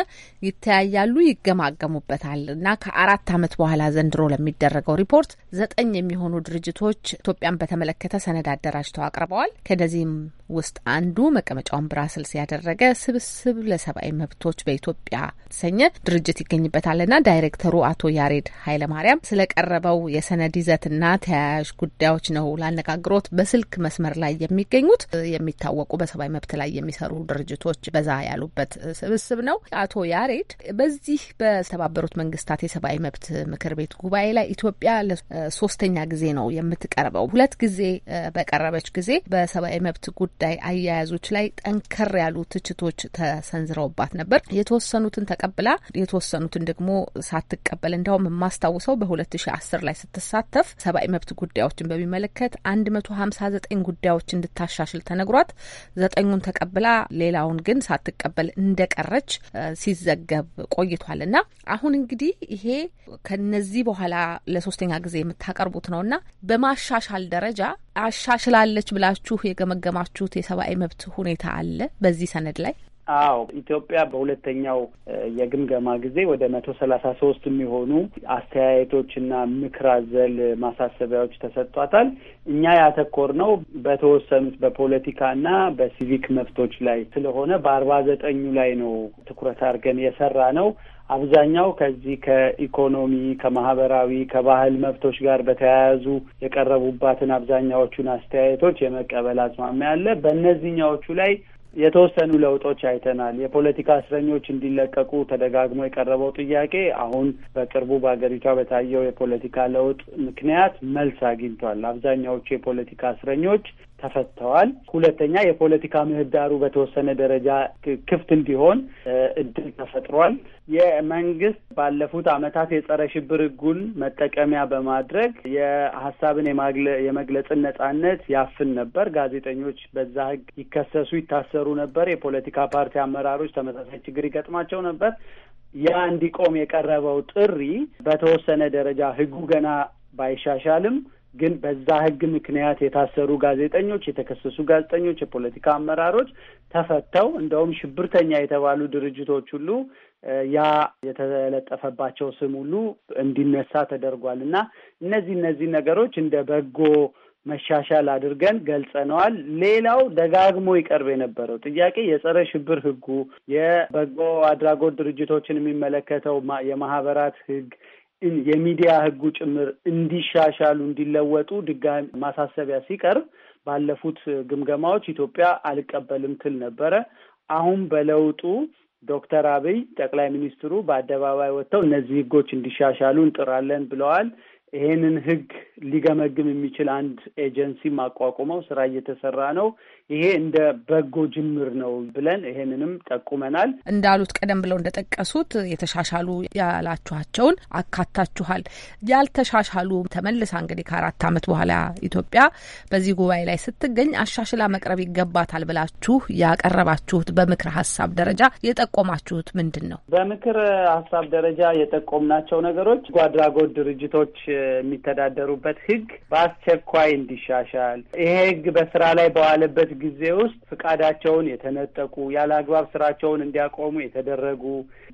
Speaker 13: ይተያያሉ፣ ይገማገሙበታል እና ከአራት ዓመት በኋላ ዘንድሮ ለሚደረገው ሪፖርት ዘጠኝ የሚሆኑ ድርጅቶች ኢትዮጵያን በተመለከተ ሰነድ አደራጅተው አቅርበዋል። ከነዚህም ውስጥ አንዱ መቀመጫውን ብራስልስ ያደረገ ስብስብ ለሰብአዊ መብቶች በኢትዮጵያ የተሰኘ ድርጅት ይገኝበታልና ዳይሬክተሩ አቶ ያሬድ ኃይለማርያም ስለቀረበው የሰነድ ይዘትና ተያያዥ ጉዳዮች ነው ላነጋግሮት በስልክ በስልክ መስመር ላይ የሚገኙት የሚታወቁ በሰብአዊ መብት ላይ የሚሰሩ ድርጅቶች በዛ ያሉበት ስብስብ ነው። አቶ ያሬድ በዚህ በተባበሩት መንግስታት የሰብአዊ መብት ምክር ቤት ጉባኤ ላይ ኢትዮጵያ ለሶስተኛ ጊዜ ነው የምትቀርበው። ሁለት ጊዜ በቀረበች ጊዜ በሰብአዊ መብት ጉዳይ አያያዞች ላይ ጠንከር ያሉ ትችቶች ተሰንዝረውባት ነበር። የተወሰኑትን ተቀብላ የተወሰኑትን ደግሞ ሳትቀበል እንዲያውም የማስታውሰው በ2010 ላይ ስትሳተፍ ሰብአዊ መብት ጉዳዮችን በሚመለከት 159 ዘጠኝ ጉዳዮች እንድታሻሽል ተነግሯት ዘጠኙን ተቀብላ ሌላውን ግን ሳትቀበል እንደቀረች ሲዘገብ ቆይቷል። እና አሁን እንግዲህ ይሄ ከነዚህ በኋላ ለሶስተኛ ጊዜ የምታቀርቡት ነው እና በማሻሻል ደረጃ አሻሽላለች ብላችሁ የገመገማችሁት የሰብአዊ መብት ሁኔታ አለ በዚህ ሰነድ ላይ?
Speaker 4: አዎ ኢትዮጵያ በሁለተኛው የግምገማ ጊዜ ወደ መቶ ሰላሳ ሶስት የሚሆኑ አስተያየቶችና ምክር አዘል ማሳሰቢያዎች ተሰጥቷታል። እኛ ያተኮር ነው በተወሰኑት በፖለቲካና በሲቪክ መብቶች ላይ ስለሆነ በአርባ ዘጠኙ ላይ ነው ትኩረት አድርገን የሰራ ነው። አብዛኛው ከዚህ ከኢኮኖሚ፣ ከማህበራዊ፣ ከባህል መብቶች ጋር በተያያዙ የቀረቡባትን አብዛኛዎቹን አስተያየቶች የመቀበል አዝማሚያ አለ። በእነዚህኛዎቹ ላይ የተወሰኑ ለውጦች አይተናል። የፖለቲካ እስረኞች እንዲለቀቁ ተደጋግሞ የቀረበው ጥያቄ አሁን በቅርቡ በሀገሪቷ በታየው የፖለቲካ ለውጥ ምክንያት መልስ አግኝቷል። አብዛኛዎቹ የፖለቲካ እስረኞች ተፈተዋል። ሁለተኛ የፖለቲካ ምህዳሩ በተወሰነ ደረጃ ክፍት እንዲሆን እድል ተፈጥሯል። የመንግስት ባለፉት አመታት የጸረ ሽብር ህጉን መጠቀሚያ በማድረግ የሀሳብን የመግለጽን ነጻነት ያፍን ነበር። ጋዜጠኞች በዛ ህግ ይከሰሱ፣ ይታሰሩ ነበር። የፖለቲካ ፓርቲ አመራሮች ተመሳሳይ ችግር ይገጥማቸው ነበር። ያ እንዲቆም የቀረበው ጥሪ በተወሰነ ደረጃ ህጉ ገና ባይሻሻልም ግን በዛ ህግ ምክንያት የታሰሩ ጋዜጠኞች፣ የተከሰሱ ጋዜጠኞች፣ የፖለቲካ አመራሮች ተፈተው እንደውም ሽብርተኛ የተባሉ ድርጅቶች ሁሉ ያ የተለጠፈባቸው ስም ሁሉ እንዲነሳ ተደርጓል እና እነዚህ እነዚህ ነገሮች እንደ በጎ መሻሻል አድርገን ገልጸነዋል። ሌላው ደጋግሞ ይቀርብ የነበረው ጥያቄ የጸረ ሽብር ህጉ፣ የበጎ አድራጎት ድርጅቶችን የሚመለከተው የማህበራት ህግ የሚዲያ ህጉ ጭምር እንዲሻሻሉ እንዲለወጡ ድጋሚ ማሳሰቢያ ሲቀርብ ባለፉት ግምገማዎች ኢትዮጵያ አልቀበልም ትል ነበረ። አሁን በለውጡ ዶክተር አብይ ጠቅላይ ሚኒስትሩ በአደባባይ ወጥተው እነዚህ ህጎች እንዲሻሻሉ እንጥራለን ብለዋል። ይሄንን ህግ ሊገመግም የሚችል አንድ ኤጀንሲ ማቋቁመው ስራ እየተሰራ ነው። ይሄ እንደ በጎ ጅምር ነው ብለን ይሄንንም ጠቁመናል።
Speaker 13: እንዳሉት ቀደም ብለው እንደጠቀሱት የተሻሻሉ ያላችኋቸውን አካታችኋል። ያልተሻሻሉ ተመልሳ እንግዲህ ከአራት ዓመት በኋላ ኢትዮጵያ በዚህ ጉባኤ ላይ ስትገኝ አሻሽላ መቅረብ ይገባታል ብላችሁ ያቀረባችሁት በምክር ሀሳብ ደረጃ የጠቆማችሁት ምንድን ነው?
Speaker 4: በምክር ሀሳብ ደረጃ የጠቆምናቸው ነገሮች በጎ አድራጎት ድርጅቶች የሚተዳደሩበት ህግ በአስቸኳይ እንዲሻሻል ይሄ ህግ በስራ ላይ በዋለበት ጊዜ ውስጥ ፍቃዳቸውን የተነጠቁ ያለ አግባብ ስራቸውን እንዲያቆሙ የተደረጉ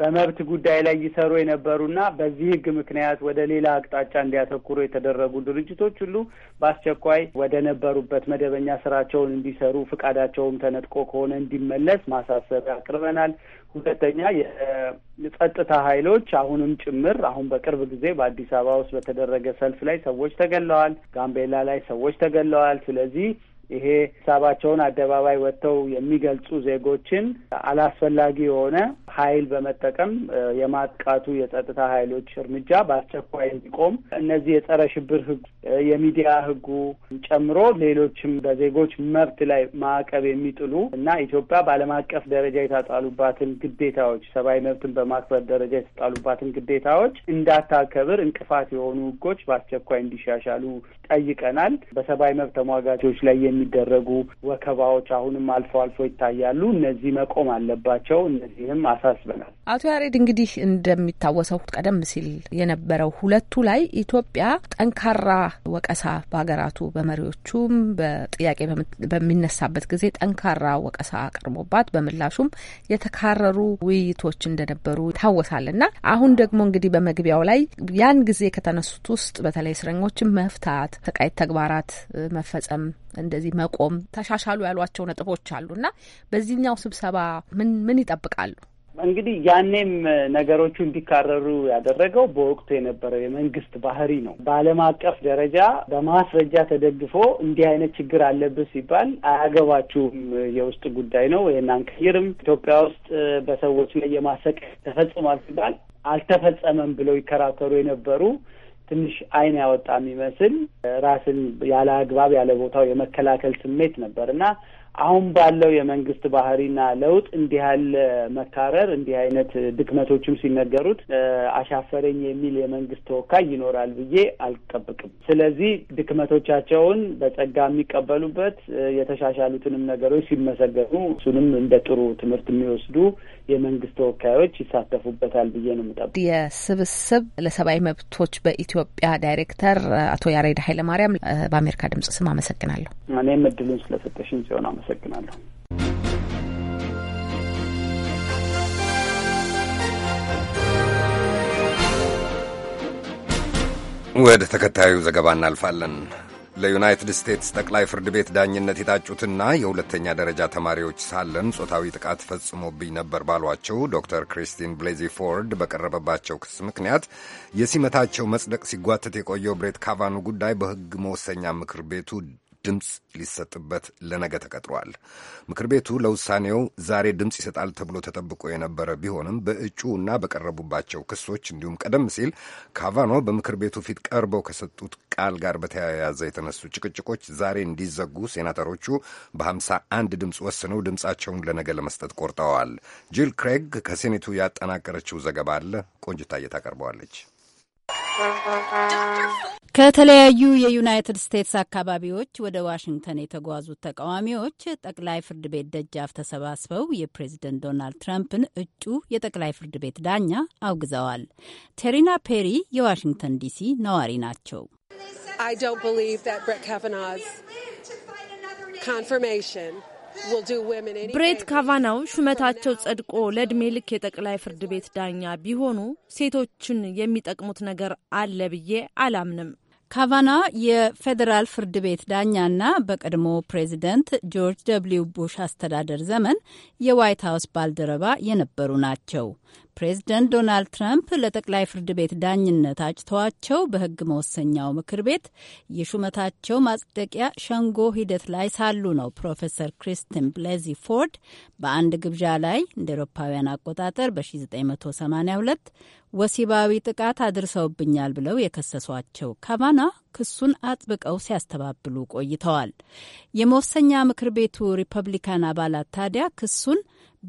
Speaker 4: በመብት ጉዳይ ላይ ይሰሩ የነበሩና በዚህ ህግ ምክንያት ወደ ሌላ አቅጣጫ እንዲያተኩሩ የተደረጉ ድርጅቶች ሁሉ በአስቸኳይ ወደ ነበሩበት መደበኛ ስራቸውን እንዲሰሩ ፍቃዳቸውም ተነጥቆ ከሆነ እንዲመለስ ማሳሰቢያ አቅርበናል። ሁለተኛ የጸጥታ ኃይሎች አሁንም ጭምር አሁን በቅርብ ጊዜ በአዲስ አበባ ውስጥ በተደረገ ሰልፍ ላይ ሰዎች ተገለዋል። ጋምቤላ ላይ ሰዎች ተገለዋል። ስለዚህ ይሄ ሀሳባቸውን አደባባይ ወጥተው የሚገልጹ ዜጎችን አላስፈላጊ የሆነ ኃይል በመጠቀም የማጥቃቱ የጸጥታ ኃይሎች እርምጃ በአስቸኳይ እንዲቆም እነዚህ የጸረ ሽብር ህጉ የሚዲያ ህጉ ጨምሮ ሌሎችም በዜጎች መብት ላይ ማዕቀብ የሚጥሉ እና ኢትዮጵያ በዓለም አቀፍ ደረጃ የተጣሉባትን ግዴታዎች ሰብአዊ መብትን በማክበር ደረጃ የተጣሉባትን ግዴታዎች እንዳታከብር እንቅፋት የሆኑ ህጎች በአስቸኳይ እንዲሻሻሉ ጠይቀናል። በሰብአዊ መብት ተሟጋቾች ላይ የሚደረጉ ወከባዎች አሁንም አልፎ አልፎ ይታያሉ። እነዚህ መቆም አለባቸው። እነዚህም አሳ ያሳስበናል።
Speaker 13: አቶ ያሬድ እንግዲህ እንደሚታወሰው ቀደም ሲል የነበረው ሁለቱ ላይ ኢትዮጵያ ጠንካራ ወቀሳ በሀገራቱ በመሪዎቹም በጥያቄ በሚነሳበት ጊዜ ጠንካራ ወቀሳ አቅርቦባት በምላሹም የተካረሩ ውይይቶች እንደነበሩ ይታወሳል እና አሁን ደግሞ እንግዲህ በመግቢያው ላይ ያን ጊዜ ከተነሱት ውስጥ በተለይ እስረኞችን መፍታት፣ ሰቃይ ተግባራት መፈጸም እንደዚህ መቆም ተሻሻሉ ያሏቸው ነጥቦች እና በዚህኛው ስብሰባ ምን ምን ይጠብቃሉ?
Speaker 4: እንግዲህ ያኔም ነገሮቹ እንዲካረሩ ያደረገው በወቅቱ የነበረው የመንግስት ባህሪ ነው። በዓለም አቀፍ ደረጃ በማስረጃ ተደግፎ እንዲህ አይነት ችግር አለብህ ሲባል አያገባችሁም፣ የውስጥ ጉዳይ ነው፣ ይህን አንቀይርም፣ ኢትዮጵያ ውስጥ በሰዎች ላይ የማሰቅ ተፈጽሟል ሲባል አልተፈጸመም ብለው ይከራከሩ የነበሩ ትንሽ አይን ያወጣ የሚመስል ራስን ያለ አግባብ ያለ ቦታው የመከላከል ስሜት ነበር እና አሁን ባለው የመንግስት ባህሪና ለውጥ እንዲህ ያለ መካረር እንዲህ አይነት ድክመቶችም ሲነገሩት አሻፈረኝ የሚል የመንግስት ተወካይ ይኖራል ብዬ አልጠብቅም። ስለዚህ ድክመቶቻቸውን በጸጋ የሚቀበሉበት የተሻሻሉትንም ነገሮች ሲመሰገኑ እሱንም እንደ ጥሩ ትምህርት የሚወስዱ የመንግስት ተወካዮች ይሳተፉበታል ብዬ ነው የምጠብቅ።
Speaker 13: የስብስብ ለሰብአዊ መብቶች በኢትዮጵያ ዳይሬክተር አቶ ያሬድ ኃይለማርያም በአሜሪካ ድምጽ ስም አመሰግናለሁ።
Speaker 4: እኔም እድሉን ስለሰጠሽኝ ሲሆን አመሰግናለሁ።
Speaker 3: ወደ ተከታዩ ዘገባ እናልፋለን። ለዩናይትድ ስቴትስ ጠቅላይ ፍርድ ቤት ዳኝነት የታጩትና የሁለተኛ ደረጃ ተማሪዎች ሳለን ጾታዊ ጥቃት ፈጽሞብኝ ነበር ባሏቸው ዶክተር ክሪስቲን ብሌዚ ፎርድ በቀረበባቸው ክስ ምክንያት የሲመታቸው መጽደቅ ሲጓተት የቆየው ብሬት ካቫኑ ጉዳይ በሕግ መወሰኛ ምክር ቤቱ ድምፅ ሊሰጥበት ለነገ ተቀጥሯል። ምክር ቤቱ ለውሳኔው ዛሬ ድምፅ ይሰጣል ተብሎ ተጠብቆ የነበረ ቢሆንም በእጩ እና በቀረቡባቸው ክሶች እንዲሁም ቀደም ሲል ካቫኖ በምክር ቤቱ ፊት ቀርበው ከሰጡት ቃል ጋር በተያያዘ የተነሱ ጭቅጭቆች ዛሬ እንዲዘጉ ሴናተሮቹ በሃምሳ አንድ ድምፅ ወስነው ድምፃቸውን ለነገ ለመስጠት ቆርጠዋል። ጂል ክሬግ ከሴኔቱ ያጠናቀረችው ዘገባ አለ ቆንጅታ እየታቀርበዋለች።
Speaker 6: ከተለያዩ የዩናይትድ ስቴትስ አካባቢዎች ወደ ዋሽንግተን የተጓዙት ተቃዋሚዎች ጠቅላይ ፍርድ ቤት ደጃፍ ተሰባስበው የፕሬዝደንት ዶናልድ ትራምፕን እጩ የጠቅላይ ፍርድ ቤት ዳኛ አውግዘዋል። ቴሪና ፔሪ የዋሽንግተን ዲሲ ነዋሪ ናቸው።
Speaker 10: ብሬት
Speaker 12: ካቫናው ሹመታቸው ጸድቆ ለዕድሜ ልክ የጠቅላይ ፍርድ ቤት ዳኛ ቢሆኑ ሴቶችን የሚጠቅሙት ነገር አለ ብዬ አላምንም።
Speaker 6: ካቫና የፌዴራል ፍርድ ቤት ዳኛና በቀድሞ ፕሬዚደንት ጆርጅ ደብሊው ቡሽ አስተዳደር ዘመን የዋይት ሀውስ ባልደረባ የነበሩ ናቸው። ፕሬዝደንት ዶናልድ ትራምፕ ለጠቅላይ ፍርድ ቤት ዳኝነት አጭተዋቸው በሕግ መወሰኛው ምክር ቤት የሹመታቸው ማጽደቂያ ሸንጎ ሂደት ላይ ሳሉ ነው ፕሮፌሰር ክሪስትን ብሌዚ ፎርድ በአንድ ግብዣ ላይ እንደ ኤሮፓውያን አቆጣጠር በ1982 ወሲባዊ ጥቃት አድርሰውብኛል ብለው የከሰሷቸው ካቫና ክሱን አጥብቀው ሲያስተባብሉ ቆይተዋል። የመወሰኛ ምክር ቤቱ ሪፐብሊካን አባላት ታዲያ ክሱን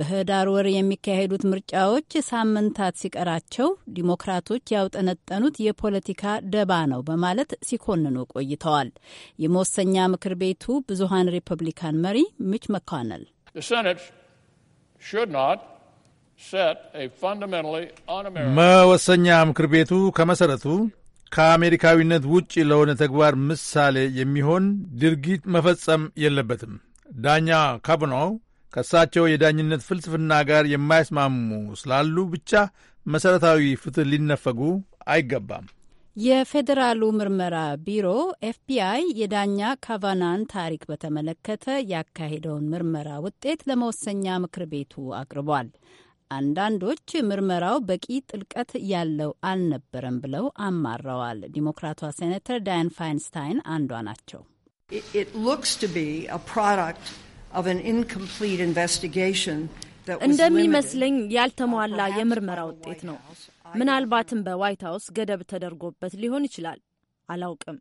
Speaker 6: በህዳር ወር የሚካሄዱት ምርጫዎች ሳምንታት ሲቀራቸው ዲሞክራቶች ያውጠነጠኑት የፖለቲካ ደባ ነው በማለት ሲኮንኑ ቆይተዋል። የመወሰኛ ምክር ቤቱ ብዙሀን ሪፐብሊካን መሪ ሚች መካነል
Speaker 7: መወሰኛ ምክር ቤቱ ከመሰረቱ ከአሜሪካዊነት ውጭ ለሆነ ተግባር ምሳሌ የሚሆን ድርጊት መፈጸም የለበትም። ዳኛ ካብኖ ከእሳቸው የዳኝነት ፍልስፍና ጋር የማይስማሙ ስላሉ ብቻ መሠረታዊ ፍትሕ ሊነፈጉ አይገባም።
Speaker 6: የፌዴራሉ ምርመራ ቢሮ ኤፍቢአይ የዳኛ ካቫናን ታሪክ በተመለከተ ያካሄደውን ምርመራ ውጤት ለመወሰኛ ምክር ቤቱ አቅርቧል። አንዳንዶች ምርመራው በቂ ጥልቀት ያለው አልነበረም ብለው አማረዋል። ዲሞክራቷ ሴኔተር ዳያን ፋይንስታይን አንዷ ናቸው።
Speaker 7: እንደሚመስለኝ
Speaker 12: ያልተሟላ የምርመራ ውጤት ነው። ምናልባትም በዋይት ሀውስ ገደብ ተደርጎበት ሊሆን ይችላል። አላውቅም።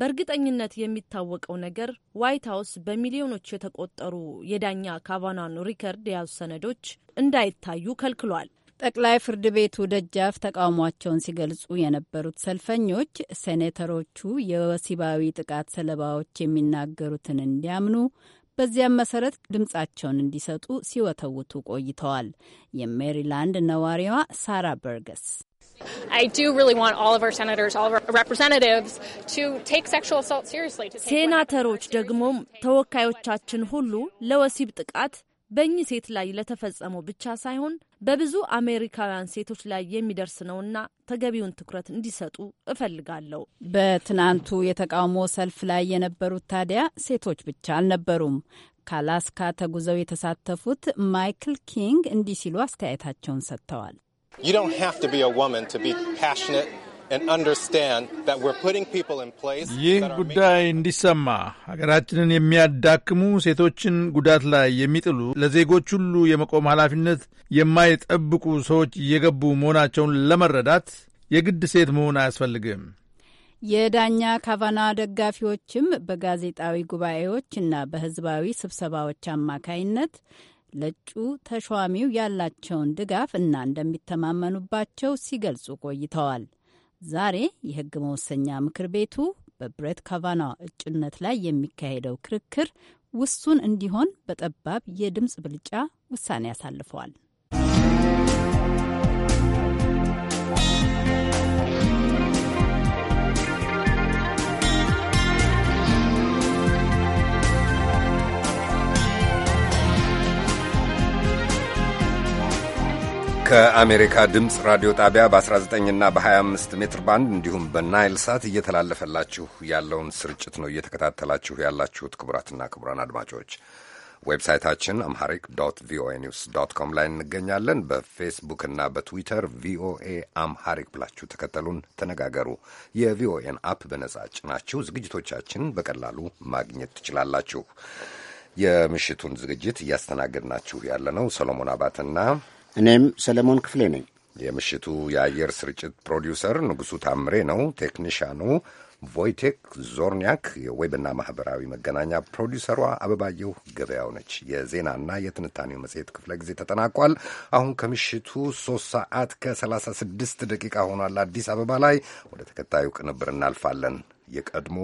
Speaker 12: በእርግጠኝነት የሚታወቀው ነገር ዋይት ሀውስ በሚሊዮኖች የተቆጠሩ የዳኛ ካቫናን
Speaker 6: ሪከርድ የያዙ
Speaker 12: ሰነዶች እንዳይታዩ ከልክሏል።
Speaker 6: ጠቅላይ ፍርድ ቤቱ ደጃፍ ተቃውሟቸውን ሲገልጹ የነበሩት ሰልፈኞች ሴኔተሮቹ የወሲባዊ ጥቃት ሰለባዎች የሚናገሩትን እንዲያምኑ በዚያም መሰረት ድምጻቸውን እንዲሰጡ ሲወተውቱ ቆይተዋል። የሜሪላንድ ነዋሪዋ ሳራ በርገስ
Speaker 11: ሴናተሮች
Speaker 12: ደግሞም ተወካዮቻችን ሁሉ ለወሲብ ጥቃት በእኚህ ሴት ላይ ለተፈጸመው ብቻ ሳይሆን በብዙ አሜሪካውያን ሴቶች ላይ የሚደርስ ነውና ተገቢውን ትኩረት እንዲሰጡ እፈልጋለሁ።
Speaker 6: በትናንቱ የተቃውሞ ሰልፍ ላይ የነበሩት ታዲያ ሴቶች ብቻ አልነበሩም። ከአላስካ ተጉዘው የተሳተፉት ማይክል ኪንግ እንዲህ ሲሉ አስተያየታቸውን ሰጥተዋል።
Speaker 14: ይህ ጉዳይ
Speaker 7: እንዲሰማ ሀገራችንን የሚያዳክሙ ሴቶችን ጉዳት ላይ የሚጥሉ ለዜጎች ሁሉ የመቆም ኃላፊነት የማይጠብቁ ሰዎች እየገቡ መሆናቸውን ለመረዳት የግድ ሴት መሆን አያስፈልግም።
Speaker 6: የዳኛ ካቫና ደጋፊዎችም በጋዜጣዊ ጉባኤዎች እና በህዝባዊ ስብሰባዎች አማካይነት ለእጩ ተሿሚው ያላቸውን ድጋፍ እና እንደሚተማመኑባቸው ሲገልጹ ቆይተዋል። ዛሬ የህግ መወሰኛ ምክር ቤቱ በብሬት ካቫና እጩነት ላይ የሚካሄደው ክርክር ውሱን እንዲሆን በጠባብ የድምፅ ብልጫ ውሳኔ ያሳልፈዋል።
Speaker 3: ከአሜሪካ ድምፅ ራዲዮ ጣቢያ በ19ና በ25 ሜትር ባንድ እንዲሁም በናይል ሳት እየተላለፈላችሁ ያለውን ስርጭት ነው እየተከታተላችሁ ያላችሁት። ክቡራትና ክቡራን አድማጮች ዌብሳይታችን አምሐሪክ ዶት ቪኦኤ ኒውስ ዶት ኮም ላይ እንገኛለን። በፌስቡክና በትዊተር ቪኦኤ አምሐሪክ ብላችሁ ተከተሉን፣ ተነጋገሩ። የቪኦኤን አፕ በነጻ ጭናችሁ ዝግጅቶቻችን በቀላሉ ማግኘት ትችላላችሁ። የምሽቱን ዝግጅት እያስተናገድናችሁ ያለ ነው ሰሎሞን አባትና እኔም ሰለሞን ክፍሌ ነኝ። የምሽቱ የአየር ስርጭት ፕሮዲውሰር ንጉሡ ታምሬ ነው። ቴክኒሽያኑ ቮይቴክ ዞርኒያክ፣ የዌብና ማኅበራዊ መገናኛ ፕሮዲውሰሯ አበባየሁ ገበያው ነች። የዜናና የትንታኔው መጽሔት ክፍለ ጊዜ ተጠናቋል። አሁን ከምሽቱ ሦስት ሰዓት ከሰላሳ ስድስት ደቂቃ ሆኗል አዲስ አበባ ላይ። ወደ ተከታዩ ቅንብር እናልፋለን። የቀድሞ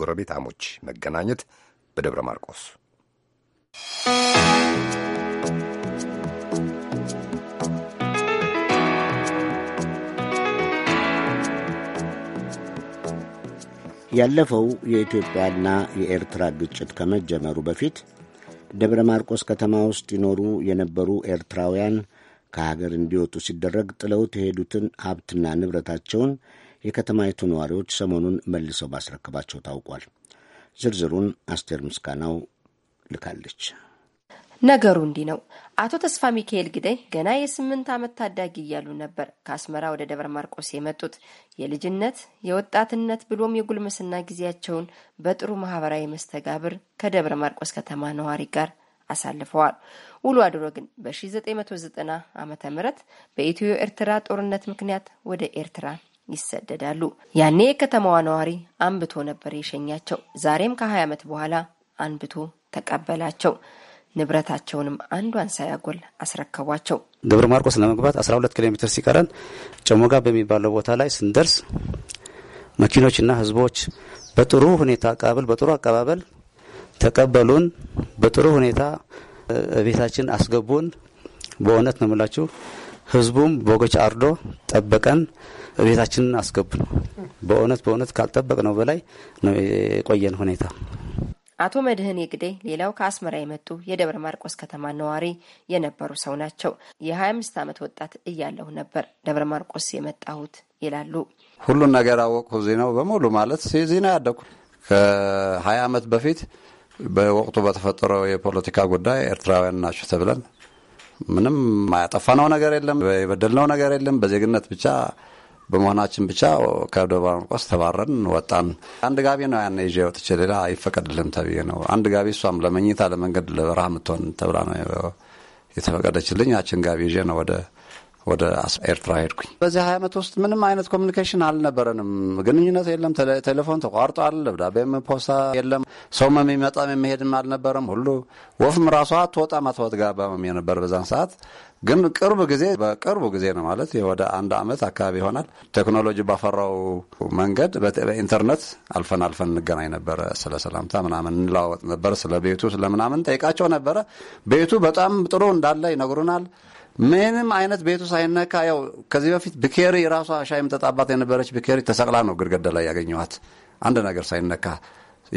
Speaker 3: ጎረቤታሞች መገናኘት በደብረ ማርቆስ
Speaker 1: ያለፈው የኢትዮጵያና የኤርትራ ግጭት ከመጀመሩ በፊት ደብረ ማርቆስ ከተማ ውስጥ ይኖሩ የነበሩ ኤርትራውያን ከሀገር እንዲወጡ ሲደረግ ጥለውት የሄዱትን ሀብትና ንብረታቸውን የከተማይቱ ነዋሪዎች ሰሞኑን መልሰው ማስረከባቸው ታውቋል። ዝርዝሩን አስቴር ምስጋናው ልካለች።
Speaker 15: ነገሩ እንዲህ ነው። አቶ ተስፋ ሚካኤል ግደይ ገና የስምንት ዓመት ታዳጊ እያሉ ነበር ከአስመራ ወደ ደብረ ማርቆስ የመጡት። የልጅነት የወጣትነት ብሎም የጉልምስና ጊዜያቸውን በጥሩ ማህበራዊ መስተጋብር ከደብረ ማርቆስ ከተማ ነዋሪ ጋር አሳልፈዋል። ውሎ አድሮ ግን በ1990 ዓ ም በኢትዮ ኤርትራ ጦርነት ምክንያት ወደ ኤርትራ ይሰደዳሉ። ያኔ የከተማዋ ነዋሪ አንብቶ ነበር የሸኛቸው። ዛሬም ከ20 ዓመት በኋላ አንብቶ ተቀበላቸው። ንብረታቸውንም አንዷን ሳያጎል አስረከቧቸው።
Speaker 11: ደብረ ማርቆስ ለመግባት 12 ኪሎ ሜትር ሲቀረን ጨሞጋ በሚባለው ቦታ ላይ ስንደርስ መኪኖችና ህዝቦች በጥሩ ሁኔታ አቀባበል በጥሩ አቀባበል ተቀበሉን። በጥሩ ሁኔታ ቤታችን አስገቡን። በእውነት ነው የምላችሁ። ህዝቡም በጎች አርዶ ጠበቀን፣ ቤታችንን አስገቡን። በእውነት በእውነት ካልጠበቅ ነው በላይ ነው የቆየን ሁኔታ
Speaker 15: አቶ መድህን የግዴ ሌላው ከአስመራ የመጡ የደብረ ማርቆስ ከተማ ነዋሪ የነበሩ ሰው ናቸው። የ25 ዓመት ወጣት እያለሁ ነበር ደብረ ማርቆስ የመጣሁት ይላሉ።
Speaker 9: ሁሉን ነገር አወቅኩ። እዚህ ነው በሙሉ ማለት እዚህ ነው ያደኩ። ከ20 ዓመት በፊት በወቅቱ በተፈጠረው የፖለቲካ ጉዳይ ኤርትራውያን ናቸው ተብለን ምንም ያጠፋነው ነገር የለም፣ የበደልነው ነገር የለም። በዜግነት ብቻ በመሆናችን ብቻ ከደብረ ማርቆስ ተባረን ወጣን። አንድ ጋቢ ነው ያን ይዤ ወጥቼ ሌላ አይፈቀድልም ተብዬ ነው። አንድ ጋቢ እሷም ለመኝታ ለመንገድ ለበረሃ ምትሆን ተብላ ነው የተፈቀደችልኝ። ያችን ጋቢ ይዤ ነው ወደ ወደ ኤርትራ ሄድኩኝ። በዚህ ሀያ ዓመት ውስጥ ምንም አይነት ኮሚኒኬሽን አልነበረንም። ግንኙነት የለም። ቴሌፎን ተቋርጧል። ደብዳቤም ፖስታ የለም። ሰውም የሚመጣም የሚሄድም አልነበረም። ሁሉ ወፍም ራሷ አትወጣም አትወጥ ጋር የነበር በዛን ሰዓት ግን ቅርብ ጊዜ በቅርቡ ጊዜ ነው ማለት ወደ አንድ ዓመት አካባቢ ይሆናል። ቴክኖሎጂ ባፈራው መንገድ በኢንተርኔት አልፈን አልፈን እንገናኝ ነበረ። ስለ ሰላምታ ምናምን እንለዋወጥ ነበር። ስለ ቤቱ ስለምናምን ጠይቃቸው ነበረ። ቤቱ በጣም ጥሩ እንዳለ ይነግሩናል። ምንም አይነት ቤቱ ሳይነካ ያው ከዚህ በፊት ብኬሪ ራሷ ሻይ የምጠጣባት የነበረች ብኬሪ ተሰቅላ ነው ግድግዳ ላይ ያገኘኋት አንድ ነገር ሳይነካ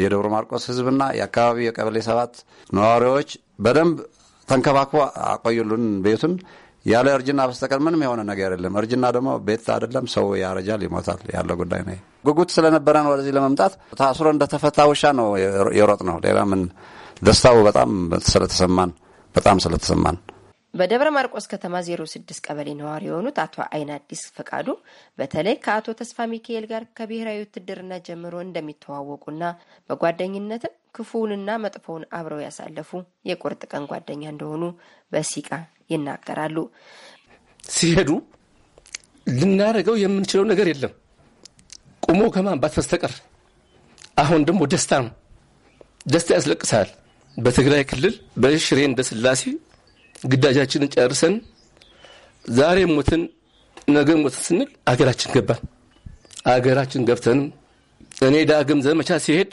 Speaker 9: የደብረ ማርቆስ ህዝብና የአካባቢው የቀበሌ ሰባት ነዋሪዎች በደንብ ተንከባክቦ አቆዩልን ቤቱን። ያለ እርጅና በስተቀር ምንም የሆነ ነገር የለም። እርጅና ደግሞ ቤት አይደለም፣ ሰው ያረጃል፣ ይሞታል። ያለ ጉዳይ ነው። ጉጉት ስለነበረን ወደዚህ ለመምጣት ታስሮ እንደተፈታ ውሻ ነው የሮጥ ነው። ሌላ ምን ደስታው በጣም ስለተሰማን በጣም ስለተሰማን
Speaker 15: በደብረ ማርቆስ ከተማ 06 ቀበሌ ነዋሪ የሆኑት አቶ አይን አዲስ ፈቃዱ በተለይ ከአቶ ተስፋ ሚካኤል ጋር ከብሔራዊ ውትድርና ጀምሮ እንደሚተዋወቁና በጓደኝነትም ክፉውንና መጥፎውን አብረው ያሳለፉ የቁርጥ ቀን ጓደኛ እንደሆኑ በሲቃ ይናገራሉ።
Speaker 2: ሲሄዱ ልናደርገው የምንችለው ነገር የለም ቁሞ ከማንባት በስተቀር። አሁን ደግሞ ደስታ ነው። ደስታ ያስለቅሳል። በትግራይ ክልል በሽሬ እንደ ስላሴ ግዳጃችንን ጨርሰን ዛሬ ሞትን ነገ ሞትን ስንል አገራችን ገባን። አገራችን ገብተንም እኔ ዳግም ዘመቻ ሲሄድ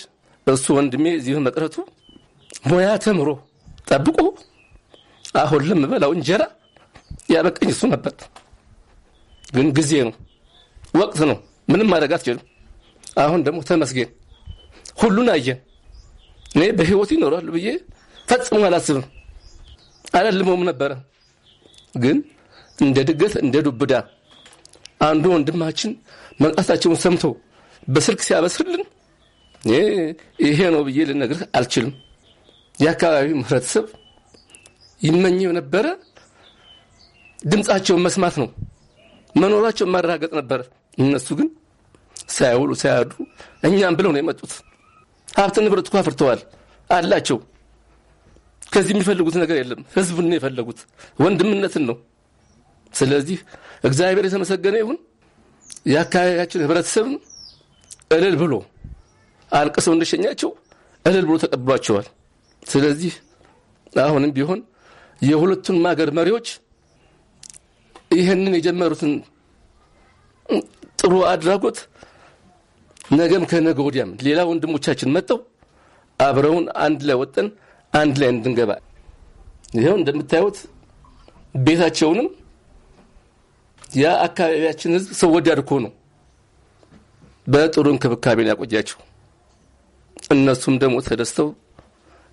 Speaker 2: እሱ ወንድሜ እዚህ መቅረቱ ሙያ ተምሮ ጠብቆ አሁን ለምበላው እንጀራ ያበቀኝ እሱ ነበር። ግን ጊዜ ነው፣ ወቅት ነው። ምንም ማድረግ አትችልም። አሁን ደግሞ ተመስገን ሁሉን አየን። እኔ በህይወት ይኖራሉ ብዬ ፈጽሞ አላስብም። አላልመውም ነበረ። ግን እንደ ድገት እንደ ዱብዳ አንዱ ወንድማችን መንቃታቸውን ሰምቶ በስልክ ሲያበስርልን ይሄ ነው ብዬ ልነግርህ አልችልም። የአካባቢው ህብረተሰብ ይመኘው ነበረ ድምፃቸውን መስማት ነው፣ መኖራቸውን ማረጋገጥ ነበረ። እነሱ ግን ሳያውሉ ሳያድሩ እኛም ብለው ነው የመጡት። ሀብት ንብረት እኮ አፍርተዋል አላቸው። ከዚህ የሚፈልጉት ነገር የለም። ህዝብ ነው የፈለጉት፣ ወንድምነትን ነው። ስለዚህ እግዚአብሔር የተመሰገነ ይሁን። የአካባቢያችን ህብረተሰብ እልል ብሎ አልቅሰው እንደሸኛቸው እልል ብሎ ተቀብሏቸዋል። ስለዚህ አሁንም ቢሆን የሁለቱን ማገር መሪዎች ይህንን የጀመሩትን ጥሩ አድራጎት ነገም ከነገ ወዲያም ሌላ ወንድሞቻችን መጠው አብረውን አንድ ላይ ወጠን አንድ ላይ እንድንገባ ይኸው እንደምታዩት ቤታቸውንም የአካባቢያችን ህዝብ ሰው ወዳድ እኮ ነው። በጥሩ እንክብካቤን ያቆያቸው። እነሱም ደግሞ ተደስተው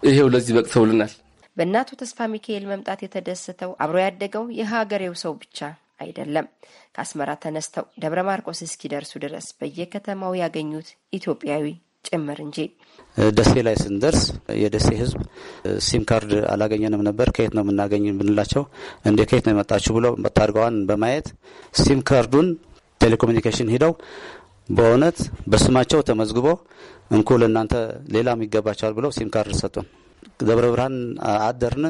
Speaker 2: ይሄው ለዚህ በቅተውልናል።
Speaker 15: በእናቱ ተስፋ ሚካኤል መምጣት የተደሰተው አብሮ ያደገው የሀገሬው ሰው ብቻ አይደለም። ከአስመራ ተነስተው ደብረ ማርቆስ እስኪደርሱ ድረስ በየከተማው ያገኙት ኢትዮጵያዊ ጭምር እንጂ።
Speaker 11: ደሴ ላይ ስንደርስ የደሴ ህዝብ ሲም ካርድ አላገኘንም ነበር፣ ከየት ነው የምናገኝ ብንላቸው እንደ ከየት ነው የመጣችሁ ብሎ መታድጋዋን በማየት ሲም ካርዱን ቴሌኮሙኒኬሽን ሂደው በእውነት በስማቸው ተመዝግቦ እንኩ ለእናንተ ሌላም ይገባቸዋል ብለው ሲም ካርድ ሰጡን። ደብረ ብርሃን አደርን።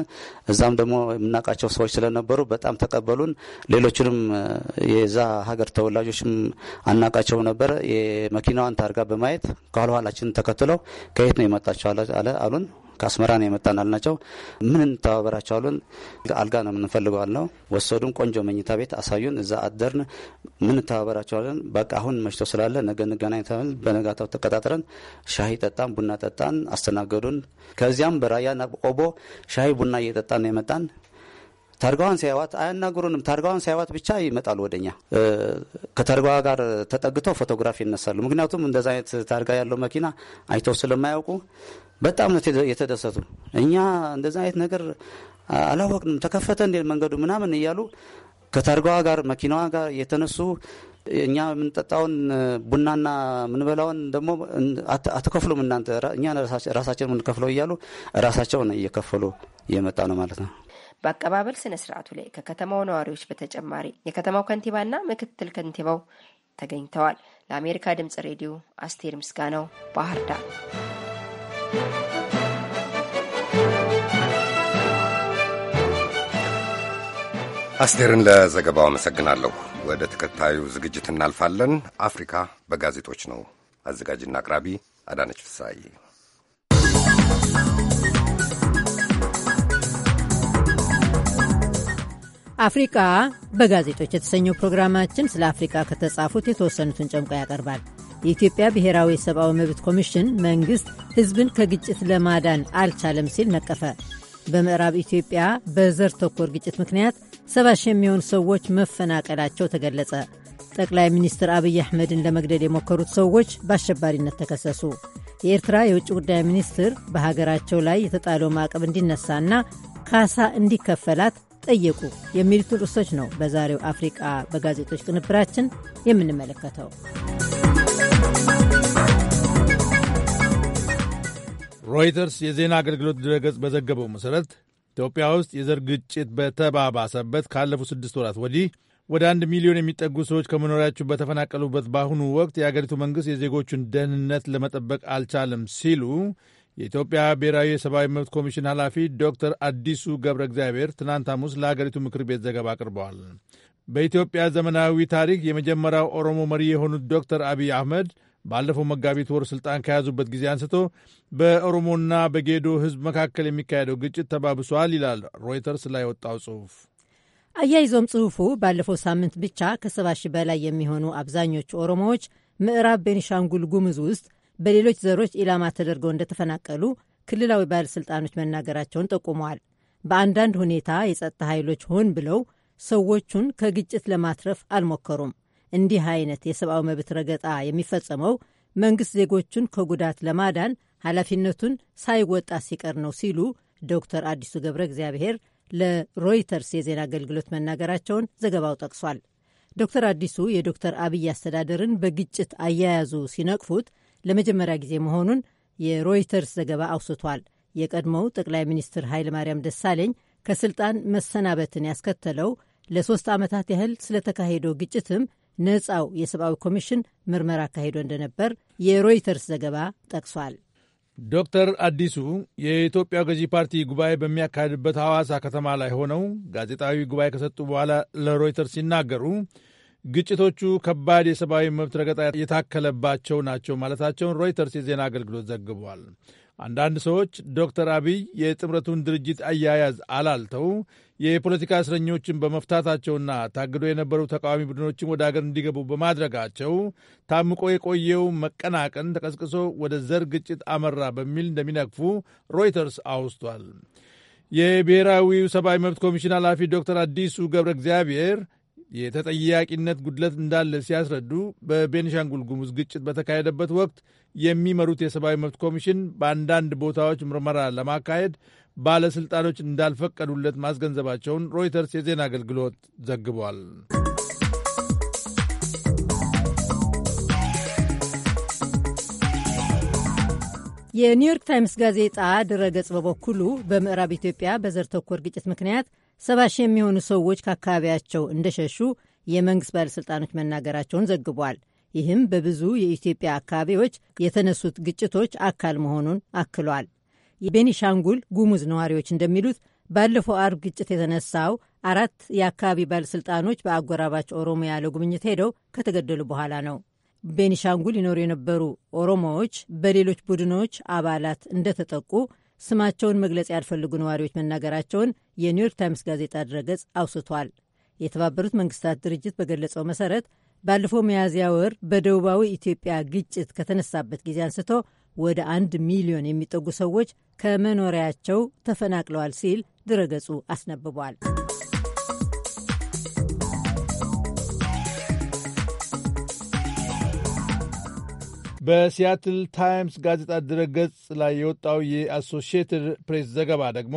Speaker 11: እዛም ደግሞ የምናውቃቸው ሰዎች ስለነበሩ በጣም ተቀበሉን። ሌሎችንም የዛ ሀገር ተወላጆችም አናውቃቸው ነበረ። የመኪናዋን ታርጋ በማየት ከኋላ ኋላችን ተከትለው ከየት ነው የመጣቸው አሉን። ከአስመራ ነው የመጣን አልናቸው። ምን እንተባበራቸው አሉን። አልጋ ነው የምንፈልገው አልነው። ወሰዱን። ቆንጆ መኝታ ቤት አሳዩን። እዛ አደርን። ምን እንተባበራቸው አለን። በቃ አሁን መሽቶ ስላለ ነገ እንገናኝ ተባልን። በነጋታው ተቀጣጥረን ሻሂ ጠጣን፣ ቡና ጠጣን፣ አስተናገዱን። ከዚያም በራያ ቆቦ ሻሂ ቡና እየጠጣን ነው የመጣን። ታርጋዋን ሲያዩዋት አያናግሩንም። ታርጋዋን ሲያዩዋት ብቻ ይመጣሉ ወደኛ። ከታርጋዋ ጋር ተጠግተው ፎቶግራፍ ይነሳሉ። ምክንያቱም እንደዚ አይነት ታርጋ ያለው መኪና አይተው ስለማያውቁ በጣም ነው የተደሰቱ። እኛ እንደዚ አይነት ነገር አላወቅንም፣ ተከፈተ እንደ መንገዱ ምናምን እያሉ ከታርጋዋ ጋር መኪናዋ ጋር የተነሱ እኛ የምንጠጣውን ቡናና የምንበላውን ደግሞ አትከፍሉም እናንተ እኛ ራሳችን የምንከፍለው እያሉ ራሳቸውን እየከፈሉ እየመጣ ነው ማለት ነው።
Speaker 15: በአቀባበል ስነ ስርዓቱ ላይ ከከተማው ነዋሪዎች በተጨማሪ የከተማው ከንቲባና ምክትል ከንቲባው ተገኝተዋል። ለአሜሪካ ድምጽ ሬዲዮ አስቴር ምስጋናው ባህር ዳር።
Speaker 3: አስቴርን ለዘገባው አመሰግናለሁ። ወደ ተከታዩ ዝግጅት እናልፋለን። አፍሪካ በጋዜጦች ነው። አዘጋጅና አቅራቢ አዳነች ፍሳዬ
Speaker 5: አፍሪቃ በጋዜጦች የተሰኘው ፕሮግራማችን ስለ አፍሪቃ ከተጻፉት የተወሰኑትን ጨምቆ ያቀርባል። የኢትዮጵያ ብሔራዊ የሰብአዊ መብት ኮሚሽን መንግሥት ሕዝብን ከግጭት ለማዳን አልቻለም ሲል ነቀፈ። በምዕራብ ኢትዮጵያ በዘር ተኮር ግጭት ምክንያት ሰባ ሺህ የሚሆኑ ሰዎች መፈናቀላቸው ተገለጸ። ጠቅላይ ሚኒስትር አብይ አሕመድን ለመግደል የሞከሩት ሰዎች በአሸባሪነት ተከሰሱ። የኤርትራ የውጭ ጉዳይ ሚኒስትር በሀገራቸው ላይ የተጣለው ማዕቀብ እንዲነሳና ካሳ እንዲከፈላት ጠየቁ የሚሉትን ርዕሶች ነው በዛሬው አፍሪቃ በጋዜጦች ቅንብራችን የምንመለከተው።
Speaker 7: ሮይተርስ የዜና አገልግሎት ድረገጽ በዘገበው መሠረት ኢትዮጵያ ውስጥ የዘር ግጭት በተባባሰበት ካለፉት ስድስት ወራት ወዲህ ወደ አንድ ሚሊዮን የሚጠጉ ሰዎች ከመኖሪያቸው በተፈናቀሉበት በአሁኑ ወቅት የአገሪቱ መንግሥት የዜጎቹን ደህንነት ለመጠበቅ አልቻለም ሲሉ የኢትዮጵያ ብሔራዊ የሰብአዊ መብት ኮሚሽን ኃላፊ ዶክተር አዲሱ ገብረ እግዚአብሔር ትናንት ሐሙስ ለአገሪቱ ምክር ቤት ዘገባ አቅርበዋል። በኢትዮጵያ ዘመናዊ ታሪክ የመጀመሪያው ኦሮሞ መሪ የሆኑት ዶክተር አብይ አህመድ ባለፈው መጋቢት ወር ስልጣን ከያዙበት ጊዜ አንስቶ በኦሮሞና በጌዶ ሕዝብ መካከል የሚካሄደው ግጭት ተባብሷል ይላል ሮይተርስ ላይ ወጣው ጽሑፍ።
Speaker 5: አያይዞም ጽሑፉ ባለፈው ሳምንት ብቻ ከሰባ ሺህ በላይ የሚሆኑ አብዛኞቹ ኦሮሞዎች ምዕራብ ቤኒሻንጉል ጉምዝ ውስጥ በሌሎች ዘሮች ኢላማ ተደርገው እንደተፈናቀሉ ክልላዊ ባለሥልጣኖች መናገራቸውን ጠቁመዋል። በአንዳንድ ሁኔታ የጸጥታ ኃይሎች ሆን ብለው ሰዎቹን ከግጭት ለማትረፍ አልሞከሩም። እንዲህ አይነት የሰብአዊ መብት ረገጣ የሚፈጸመው መንግሥት ዜጎቹን ከጉዳት ለማዳን ኃላፊነቱን ሳይወጣ ሲቀር ነው ሲሉ ዶክተር አዲሱ ገብረ እግዚአብሔር ለሮይተርስ የዜና አገልግሎት መናገራቸውን ዘገባው ጠቅሷል። ዶክተር አዲሱ የዶክተር አብይ አስተዳደርን በግጭት አያያዙ ሲነቅፉት ለመጀመሪያ ጊዜ መሆኑን የሮይተርስ ዘገባ አውስቷል። የቀድሞው ጠቅላይ ሚኒስትር ኃይለማርያም ደሳለኝ ከስልጣን መሰናበትን ያስከተለው ለሶስት ዓመታት ያህል ስለተካሄደው ግጭትም ነፃው የሰብአዊ ኮሚሽን ምርመራ አካሂዶ እንደነበር የሮይተርስ ዘገባ ጠቅሷል።
Speaker 7: ዶክተር አዲሱ የኢትዮጵያ ገዢ ፓርቲ ጉባኤ በሚያካሂድበት ሐዋሳ ከተማ ላይ ሆነው ጋዜጣዊ ጉባኤ ከሰጡ በኋላ ለሮይተርስ ሲናገሩ ግጭቶቹ ከባድ የሰብአዊ መብት ረገጣ የታከለባቸው ናቸው ማለታቸውን ሮይተርስ የዜና አገልግሎት ዘግቧል። አንዳንድ ሰዎች ዶክተር አብይ የጥምረቱን ድርጅት አያያዝ አላልተው የፖለቲካ እስረኞችን በመፍታታቸውና ታግደው የነበሩ ተቃዋሚ ቡድኖችን ወደ አገር እንዲገቡ በማድረጋቸው ታምቆ የቆየው መቀናቀን ተቀስቅሶ ወደ ዘር ግጭት አመራ በሚል እንደሚነቅፉ ሮይተርስ አውስቷል። የብሔራዊው ሰብአዊ መብት ኮሚሽን ኃላፊ ዶክተር አዲሱ ገብረ እግዚአብሔር የተጠያቂነት ጉድለት እንዳለ ሲያስረዱ በቤንሻንጉል ጉሙዝ ግጭት በተካሄደበት ወቅት የሚመሩት የሰብአዊ መብት ኮሚሽን በአንዳንድ ቦታዎች ምርመራ ለማካሄድ ባለሥልጣኖች እንዳልፈቀዱለት ማስገንዘባቸውን ሮይተርስ የዜና አገልግሎት ዘግቧል።
Speaker 5: የኒውዮርክ ታይምስ ጋዜጣ ድረገጽ በበኩሉ በምዕራብ ኢትዮጵያ በዘር ተኮር ግጭት ምክንያት ሰባ ሺህ የሚሆኑ ሰዎች ከአካባቢያቸው እንደሸሹ የመንግሥት ባለሥልጣኖች መናገራቸውን ዘግቧል። ይህም በብዙ የኢትዮጵያ አካባቢዎች የተነሱት ግጭቶች አካል መሆኑን አክሏል። የቤኒሻንጉል ጉሙዝ ነዋሪዎች እንደሚሉት ባለፈው አርብ ግጭት የተነሳው አራት የአካባቢ ባለሥልጣኖች በአጎራባች ኦሮሞ ያለው ጉብኝት ሄደው ከተገደሉ በኋላ ነው። ቤኒሻንጉል ይኖሩ የነበሩ ኦሮሞዎች በሌሎች ቡድኖች አባላት እንደተጠቁ ስማቸውን መግለጽ ያልፈልጉ ነዋሪዎች መናገራቸውን የኒውዮርክ ታይምስ ጋዜጣ ድረገጽ አውስቷል። የተባበሩት መንግስታት ድርጅት በገለጸው መሰረት ባለፈው መያዝያ ወር በደቡባዊ ኢትዮጵያ ግጭት ከተነሳበት ጊዜ አንስቶ ወደ አንድ ሚሊዮን የሚጠጉ ሰዎች ከመኖሪያቸው ተፈናቅለዋል ሲል ድረገጹ አስነብቧል።
Speaker 7: በሲያትል ታይምስ ጋዜጣ ድረገጽ ላይ የወጣው የአሶሺየትድ ፕሬስ ዘገባ ደግሞ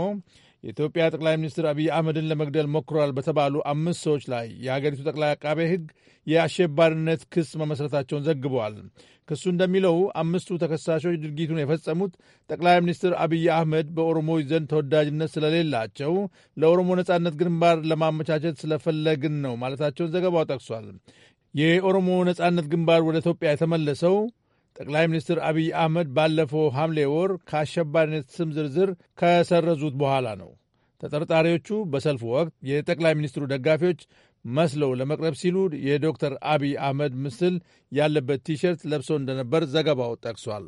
Speaker 7: የኢትዮጵያ ጠቅላይ ሚኒስትር አብይ አህመድን ለመግደል ሞክሯል በተባሉ አምስት ሰዎች ላይ የሀገሪቱ ጠቅላይ አቃቤ ሕግ የአሸባሪነት ክስ መመስረታቸውን ዘግበዋል። ክሱ እንደሚለው አምስቱ ተከሳሾች ድርጊቱን የፈጸሙት ጠቅላይ ሚኒስትር አብይ አህመድ በኦሮሞዎች ዘንድ ተወዳጅነት ስለሌላቸው ለኦሮሞ ነጻነት ግንባር ለማመቻቸት ስለፈለግን ነው ማለታቸውን ዘገባው ጠቅሷል። የኦሮሞ ነጻነት ግንባር ወደ ኢትዮጵያ የተመለሰው ጠቅላይ ሚኒስትር አብይ አህመድ ባለፈው ሐምሌ ወር ከአሸባሪነት ስም ዝርዝር ከሰረዙት በኋላ ነው። ተጠርጣሪዎቹ በሰልፉ ወቅት የጠቅላይ ሚኒስትሩ ደጋፊዎች መስለው ለመቅረብ ሲሉ የዶክተር አብይ አህመድ ምስል ያለበት ቲሸርት ለብሰው እንደነበር ዘገባው ጠቅሷል።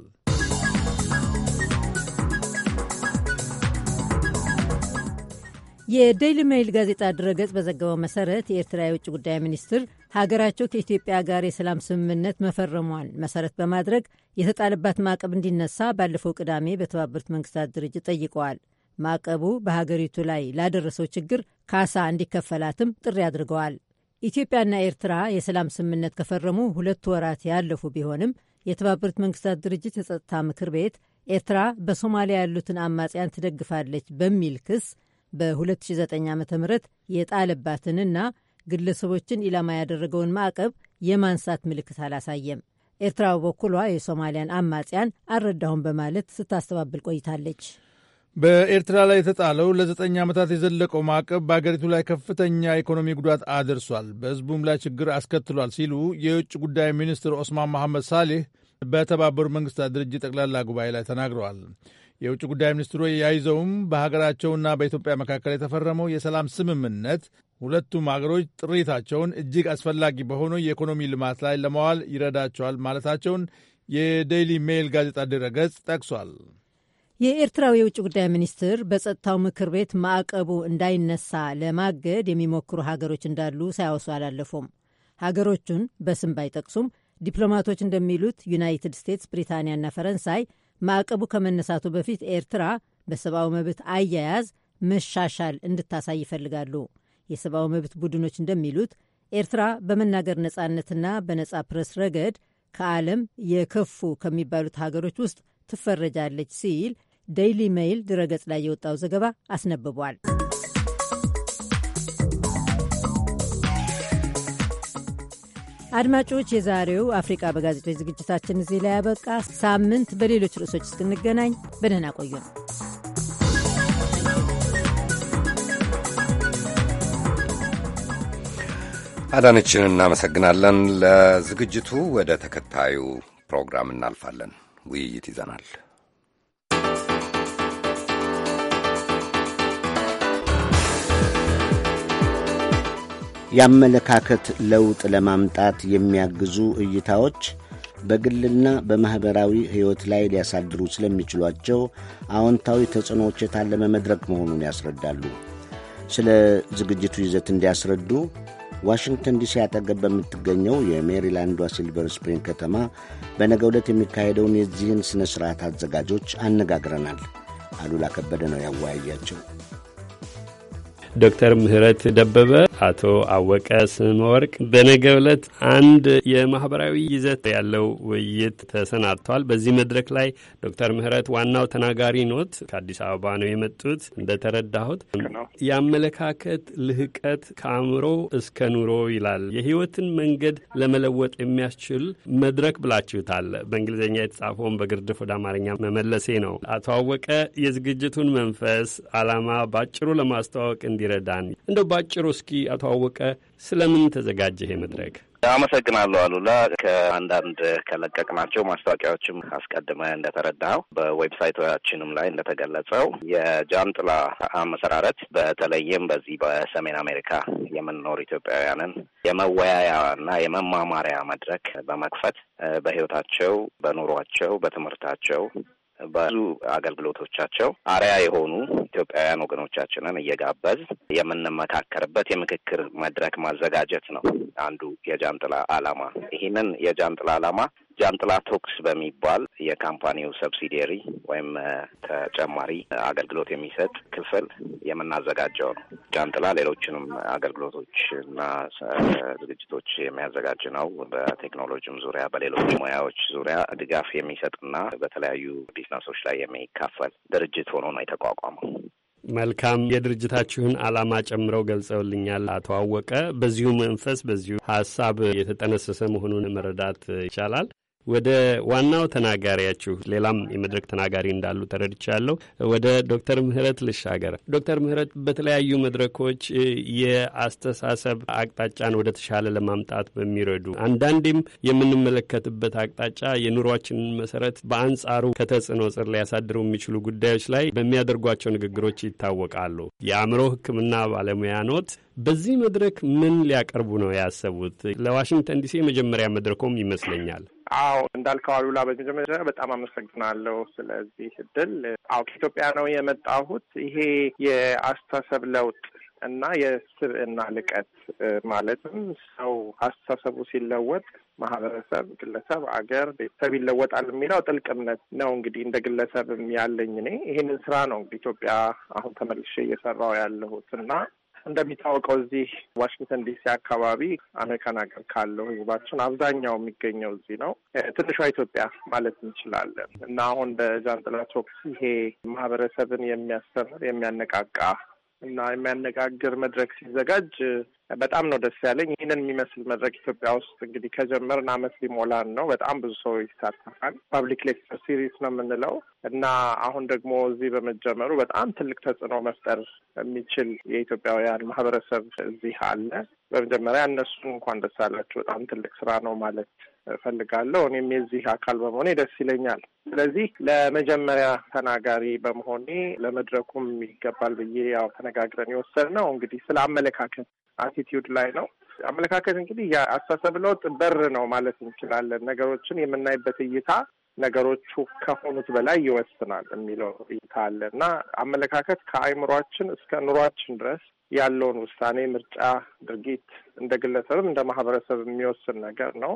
Speaker 5: የዴይሊ ሜይል ጋዜጣ ድረገጽ በዘገበው መሰረት የኤርትራ የውጭ ጉዳይ ሚኒስትር ሀገራቸው ከኢትዮጵያ ጋር የሰላም ስምምነት መፈረሟን መሰረት በማድረግ የተጣለባት ማዕቀብ እንዲነሳ ባለፈው ቅዳሜ በተባበሩት መንግስታት ድርጅት ጠይቀዋል። ማዕቀቡ በሀገሪቱ ላይ ላደረሰው ችግር ካሳ እንዲከፈላትም ጥሪ አድርገዋል። ኢትዮጵያና ኤርትራ የሰላም ስምምነት ከፈረሙ ሁለት ወራት ያለፉ ቢሆንም የተባበሩት መንግስታት ድርጅት የጸጥታ ምክር ቤት ኤርትራ በሶማሊያ ያሉትን አማጽያን ትደግፋለች በሚል ክስ በ2009 ዓ ም የጣለባትንና ግለሰቦችን ኢላማ ያደረገውን ማዕቀብ የማንሳት ምልክት አላሳየም። ኤርትራ በበኩሏ የሶማሊያን አማጽያን አልረዳሁም በማለት ስታስተባብል ቆይታለች።
Speaker 7: በኤርትራ ላይ የተጣለው ለዘጠኝ ዓመታት የዘለቀው ማዕቀብ በአገሪቱ ላይ ከፍተኛ የኢኮኖሚ ጉዳት አድርሷል፣ በሕዝቡም ላይ ችግር አስከትሏል ሲሉ የውጭ ጉዳይ ሚኒስትር ኦስማን መሐመድ ሳሌህ በተባበሩት መንግስታት ድርጅት ጠቅላላ ጉባኤ ላይ ተናግረዋል። የውጭ ጉዳይ ሚኒስትሩ ያይዘውም በሀገራቸውና በኢትዮጵያ መካከል የተፈረመው የሰላም ስምምነት ሁለቱም አገሮች ጥሪታቸውን እጅግ አስፈላጊ በሆነው የኢኮኖሚ ልማት ላይ ለማዋል ይረዳቸዋል ማለታቸውን የዴይሊ ሜይል ጋዜጣ ድረገጽ ጠቅሷል።
Speaker 5: የኤርትራው የውጭ ጉዳይ ሚኒስትር በጸጥታው ምክር ቤት ማዕቀቡ እንዳይነሳ ለማገድ የሚሞክሩ ሀገሮች እንዳሉ ሳያወሱ አላለፉም። ሀገሮቹን በስም ባይጠቅሱም ዲፕሎማቶች እንደሚሉት ዩናይትድ ስቴትስ፣ ብሪታንያና ፈረንሳይ ማዕቀቡ ከመነሳቱ በፊት ኤርትራ በሰብአዊ መብት አያያዝ መሻሻል እንድታሳይ ይፈልጋሉ። የሰብአዊ መብት ቡድኖች እንደሚሉት ኤርትራ በመናገር ነጻነትና በነጻ ፕረስ ረገድ ከዓለም የከፉ ከሚባሉት ሀገሮች ውስጥ ትፈረጃለች ሲል ዴይሊ ሜይል ድረገጽ ላይ የወጣው ዘገባ አስነብቧል። አድማጮች፣ የዛሬው አፍሪቃ በጋዜጦች ዝግጅታችን እዚህ ላይ ያበቃ። ሳምንት በሌሎች ርዕሶች እስክንገናኝ በደህና ቆዩ ነው
Speaker 3: አዳነችን እናመሰግናለን ለዝግጅቱ። ወደ ተከታዩ ፕሮግራም እናልፋለን። ውይይት ይዘናል።
Speaker 1: የአመለካከት ለውጥ ለማምጣት የሚያግዙ እይታዎች በግልና በማኅበራዊ ሕይወት ላይ ሊያሳድሩ ስለሚችሏቸው አዎንታዊ ተጽዕኖዎች የታለመ መድረክ መሆኑን ያስረዳሉ። ስለ ዝግጅቱ ይዘት እንዲያስረዱ ዋሽንግተን ዲሲ አጠገብ በምትገኘው የሜሪላንዷ ሲልቨር ስፕሪንግ ከተማ በነገ ዕለት የሚካሄደውን የዚህን ሥነ ሥርዓት አዘጋጆች አነጋግረናል። አሉላ ከበደ ነው ያወያያቸው።
Speaker 8: ዶክተር ምህረት ደበበ አቶ አወቀ ስመወርቅ በነገ ዕለት አንድ የማህበራዊ ይዘት ያለው ውይይት ተሰናድቷል። በዚህ መድረክ ላይ ዶክተር ምህረት ዋናው ተናጋሪ ኖት። ከአዲስ አበባ ነው የመጡት እንደተረዳሁት። የአመለካከት ልህቀት ከአእምሮ እስከ ኑሮ ይላል። የህይወትን መንገድ ለመለወጥ የሚያስችል መድረክ ብላችሁታል። በእንግሊዝኛ የተጻፈውን በግርድፍ ወደ አማርኛ መመለሴ ነው። አቶ አወቀ የዝግጅቱን መንፈስ አላማ ባጭሩ ለማስተዋወቅ እንዲረዳን እንደው ባጭሩ እስኪ አቶ አወቀ ስለምን ይሄ መድረክ? አመሰግናለሁ
Speaker 16: አሉላ። ከአንዳንድ ከለቀቅናቸው ማስታወቂያዎችም አስቀድመ እንደተረዳው በዌብሳይቶቻችንም ላይ እንደተገለጸው የጃንጥላ አመሰራረት በተለይም በዚህ በሰሜን አሜሪካ የምንኖር ኢትዮጵያውያንን የመወያያና የመማማሪያ መድረክ በመክፈት በሕይወታቸው፣ በኑሯቸው፣ በትምህርታቸው ብዙ አገልግሎቶቻቸው አርያ የሆኑ ኢትዮጵያውያን ወገኖቻችንን እየጋበዝ የምንመካከርበት የምክክር መድረክ ማዘጋጀት ነው አንዱ የጃንጥላ ዓላማ። ይህንን የጃንጥላ ዓላማ ጃንጥላ ቶክስ በሚባል የካምፓኒው ሰብሲዲሪ ወይም ተጨማሪ አገልግሎት የሚሰጥ ክፍል የምናዘጋጀው ነው። ጃንጥላ ሌሎችንም አገልግሎቶች እና ዝግጅቶች የሚያዘጋጅ ነው። በቴክኖሎጂም ዙሪያ በሌሎች ሙያዎች ዙሪያ ድጋፍ የሚሰጥና በተለያዩ ቢዝነሶች ላይ የሚካፈል ድርጅት ሆኖ ነው የተቋቋመው።
Speaker 8: መልካም የድርጅታችሁን ዓላማ ጨምረው ገልጸውልኛል አቶ አወቀ። በዚሁ መንፈስ በዚሁ ሀሳብ የተጠነሰሰ መሆኑን መረዳት ይቻላል። ወደ ዋናው ተናጋሪያችሁ ሌላም የመድረክ ተናጋሪ እንዳሉ ተረድቻለሁ። ወደ ዶክተር ምህረት ልሻገር። ዶክተር ምህረት በተለያዩ መድረኮች የአስተሳሰብ አቅጣጫን ወደ ተሻለ ለማምጣት በሚረዱ አንዳንዴም የምንመለከትበት አቅጣጫ የኑሯችንን መሰረት በአንጻሩ ከተጽዕኖ ጽር ሊያሳድሩ የሚችሉ ጉዳዮች ላይ በሚያደርጓቸው ንግግሮች ይታወቃሉ። የአእምሮ ሕክምና ባለሙያ ኖት። በዚህ መድረክ ምን ሊያቀርቡ ነው ያሰቡት? ለዋሽንግተን ዲሲ የመጀመሪያ መድረኮም ይመስለኛል።
Speaker 14: አዎ እንዳልከው አሉላ፣ በመጀመሪያ በጣም አመሰግናለሁ ስለዚህ እድል። አዎ ከኢትዮጵያ ነው የመጣሁት። ይሄ የአስተሳሰብ ለውጥ እና የስብዕና ልቀት ማለትም ሰው አስተሳሰቡ ሲለወጥ ማህበረሰብ፣ ግለሰብ፣ አገር፣ ቤተሰብ ይለወጣል የሚለው ጥልቅ እምነት ነው። እንግዲህ እንደ ግለሰብም ያለኝ እኔ ይህንን ስራ ነው እንግዲህ ኢትዮጵያ አሁን ተመልሼ እየሰራው ያለሁት እና እንደሚታወቀው እዚህ ዋሽንግተን ዲሲ አካባቢ አሜሪካን ሀገር ካለው ሕዝባችን አብዛኛው የሚገኘው እዚህ ነው። ትንሿ ኢትዮጵያ ማለት እንችላለን እና አሁን በጃንጥላ ይሄ ማህበረሰብን የሚያስተምር የሚያነቃቃ እና የሚያነጋግር መድረክ ሲዘጋጅ በጣም ነው ደስ ያለኝ። ይህንን የሚመስል መድረክ ኢትዮጵያ ውስጥ እንግዲህ ከጀመርን አመት ሊሞላን ነው። በጣም ብዙ ሰው ይሳተፋል። ፓብሊክ ሌክቸር ሲሪስ ነው የምንለው እና አሁን ደግሞ እዚህ በመጀመሩ በጣም ትልቅ ተጽዕኖ መፍጠር የሚችል የኢትዮጵያውያን ማህበረሰብ እዚህ አለ። በመጀመሪያ እነሱ እንኳን ደስ አላችሁ። በጣም ትልቅ ስራ ነው ማለት እፈልጋለሁ። እኔም የዚህ አካል በመሆኔ ደስ ይለኛል። ስለዚህ ለመጀመሪያ ተናጋሪ በመሆኔ ለመድረኩም ይገባል ብዬ ያው ተነጋግረን ነው እንግዲህ ስለ አመለካከት አቲቲዩድ ላይ ነው። አመለካከት እንግዲህ የአስተሳሰብ ለውጥ በር ነው ማለት እንችላለን። ነገሮችን የምናይበት እይታ ነገሮቹ ከሆኑት በላይ ይወስናል የሚለው እይታ አለ እና አመለካከት ከአይምሯችን እስከ ኑሯችን ድረስ ያለውን ውሳኔ፣ ምርጫ፣ ድርጊት እንደ ግለሰብም እንደ ማህበረሰብ የሚወስን ነገር ነው።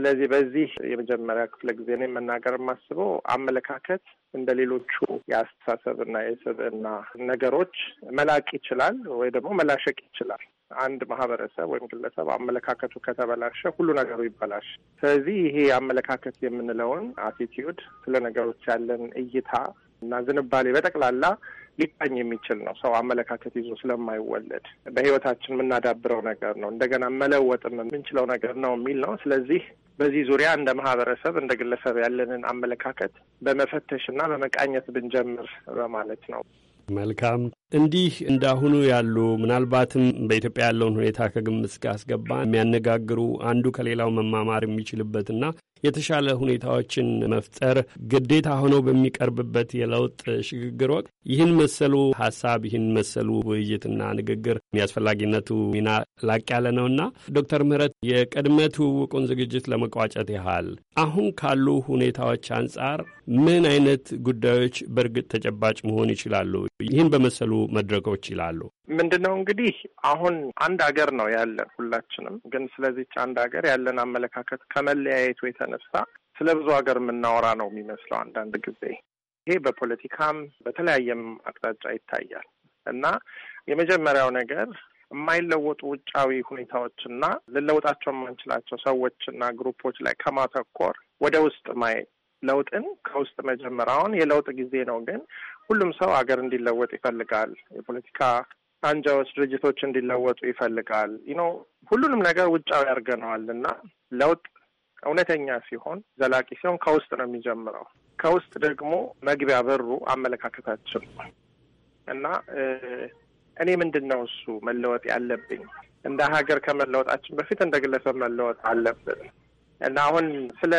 Speaker 14: ስለዚህ በዚህ የመጀመሪያ ክፍለ ጊዜ ነው መናገር የማስበው አመለካከት እንደ ሌሎቹ የአስተሳሰብና የስብዕና ነገሮች መላቅ ይችላል ወይ ደግሞ መላሸቅ ይችላል። አንድ ማህበረሰብ ወይም ግለሰብ አመለካከቱ ከተበላሸ ሁሉ ነገሩ ይበላሽ። ስለዚህ ይሄ አመለካከት የምንለውን አቲቲዩድ ስለ ነገሮች ያለን እይታ እና ዝንባሌ በጠቅላላ ሊቃኝ የሚችል ነው። ሰው አመለካከት ይዞ ስለማይወለድ በህይወታችን የምናዳብረው ነገር ነው። እንደገና መለወጥም የምንችለው ነገር ነው የሚል ነው። ስለዚህ በዚህ ዙሪያ እንደ ማህበረሰብ እንደ ግለሰብ ያለንን አመለካከት በመፈተሽ እና በመቃኘት ብንጀምር በማለት ነው።
Speaker 8: መልካም። እንዲህ እንዳሁኑ ያሉ ምናልባትም በኢትዮጵያ ያለውን ሁኔታ ከግምት እስኪያስገባ የሚያነጋግሩ አንዱ ከሌላው መማማር የሚችልበትና የተሻለ ሁኔታዎችን መፍጠር ግዴታ ሆኖ በሚቀርብበት የለውጥ ሽግግር ወቅት ይህን መሰሉ ሀሳብ ይህን መሰሉ ውይይትና ንግግር የሚያስፈላጊነቱ ሚና ላቅ ያለ ነውና ዶክተር ምህረት የቅድመ ትውውቁን ዝግጅት ለመቋጨት ያህል አሁን ካሉ ሁኔታዎች አንጻር ምን አይነት ጉዳዮች በእርግጥ ተጨባጭ መሆን ይችላሉ? ይህን በመሰሉ መድረኮች ይላሉ።
Speaker 14: ምንድን ነው እንግዲህ አሁን አንድ ሀገር ነው ያለን ሁላችንም። ግን ስለዚች አንድ ሀገር ያለን አመለካከት ከመለያየቱ የተ የተነሳ ስለ ብዙ ሀገር የምናወራ ነው የሚመስለው አንዳንድ ጊዜ። ይሄ በፖለቲካም በተለያየም አቅጣጫ ይታያል እና የመጀመሪያው ነገር የማይለወጡ ውጫዊ ሁኔታዎችና ልለውጣቸው የማንችላቸው ሰዎችና ግሩፖች ላይ ከማተኮር ወደ ውስጥ ማየት ለውጥን ከውስጥ መጀመር። አሁን የለውጥ ጊዜ ነው፣ ግን ሁሉም ሰው ሀገር እንዲለወጥ ይፈልጋል። የፖለቲካ አንጃዎች፣ ድርጅቶች እንዲለወጡ ይፈልጋል። ይኖ ሁሉንም ነገር ውጫዊ አድርገነዋል እና ለውጥ እውነተኛ ሲሆን ዘላቂ ሲሆን ከውስጥ ነው የሚጀምረው። ከውስጥ ደግሞ መግቢያ በሩ አመለካከታችን እና እኔ ምንድን ነው እሱ መለወጥ ያለብኝ እንደ ሀገር ከመለወጣችን በፊት እንደ ግለሰብ መለወጥ አለብን እና አሁን ስለ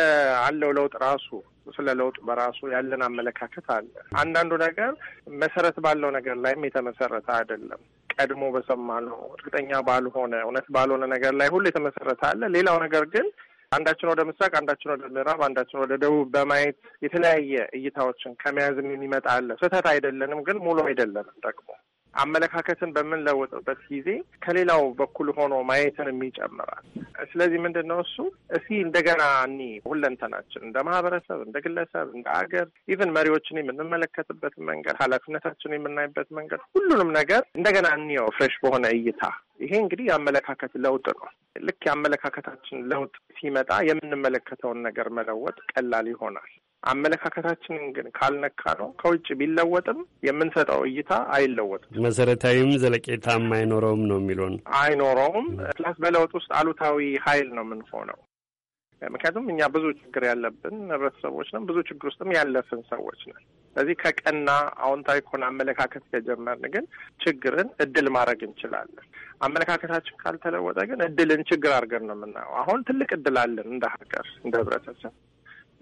Speaker 14: አለው ለውጥ ራሱ ስለ ለውጥ በራሱ ያለን አመለካከት አለ። አንዳንዱ ነገር መሰረት ባለው ነገር ላይም የተመሰረተ አይደለም። ቀድሞ ነው እርግጠኛ ባልሆነ እውነት ባልሆነ ነገር ላይ ሁሉ የተመሰረተ አለ። ሌላው ነገር ግን አንዳችን ወደ ምስራቅ፣ አንዳችን ወደ ምዕራብ፣ አንዳችን ወደ ደቡብ በማየት የተለያየ እይታዎችን ከመያዝም የሚመጣ አለ። ስህተት አይደለንም፣ ግን ሙሉ አይደለንም ደግሞ አመለካከትን በምንለውጥበት ጊዜ ከሌላው በኩል ሆኖ ማየትን ይጨምራል። ስለዚህ ምንድን ነው እሱ እስኪ እንደገና እኒ ሁለንተናችን እንደ ማህበረሰብ፣ እንደ ግለሰብ፣ እንደ አገር ኢቨን መሪዎችን የምንመለከትበት መንገድ፣ ኃላፊነታችን የምናይበት መንገድ፣ ሁሉንም ነገር እንደገና እኒየው ፍሬሽ በሆነ እይታ። ይሄ እንግዲህ የአመለካከት ለውጥ ነው። ልክ የአመለካከታችን ለውጥ ሲመጣ የምንመለከተውን ነገር መለወጥ ቀላል ይሆናል። አመለካከታችንን ግን ካልነካ ነው ከውጭ ቢለወጥም የምንሰጠው እይታ አይለወጥም።
Speaker 8: መሰረታዊም ዘለቄታም አይኖረውም ነው የሚለውን
Speaker 14: አይኖረውም። ፕላስ በለውጥ ውስጥ አሉታዊ ኃይል ነው የምንሆነው። ምክንያቱም እኛ ብዙ ችግር ያለብን ህብረተሰቦች ነን፣ ብዙ ችግር ውስጥም ያለፍን ሰዎች ነን። ስለዚህ ከቀና አዎንታዊ ከሆነ አመለካከት ከጀመርን ግን ችግርን እድል ማድረግ እንችላለን። አመለካከታችን ካልተለወጠ ግን እድልን ችግር አድርገን ነው የምናየው። አሁን ትልቅ እድል አለን እንደ ሀገር፣ እንደ ህብረተሰብ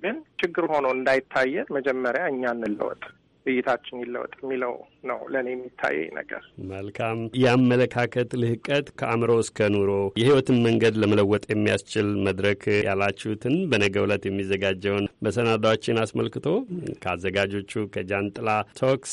Speaker 14: ግን ችግር ሆኖ እንዳይታየ መጀመሪያ እኛ እንለወጥ፣ እይታችን ይለወጥ የሚለው ነው ለእኔ የሚታይ ነገር።
Speaker 8: መልካም የአመለካከት ልህቀት ከአእምሮ እስከ ኑሮ የህይወትን መንገድ ለመለወጥ የሚያስችል መድረክ ያላችሁትን በነገ ዕለት የሚዘጋጀውን መሰናዷችን አስመልክቶ ከአዘጋጆቹ ከጃንጥላ ቶክስ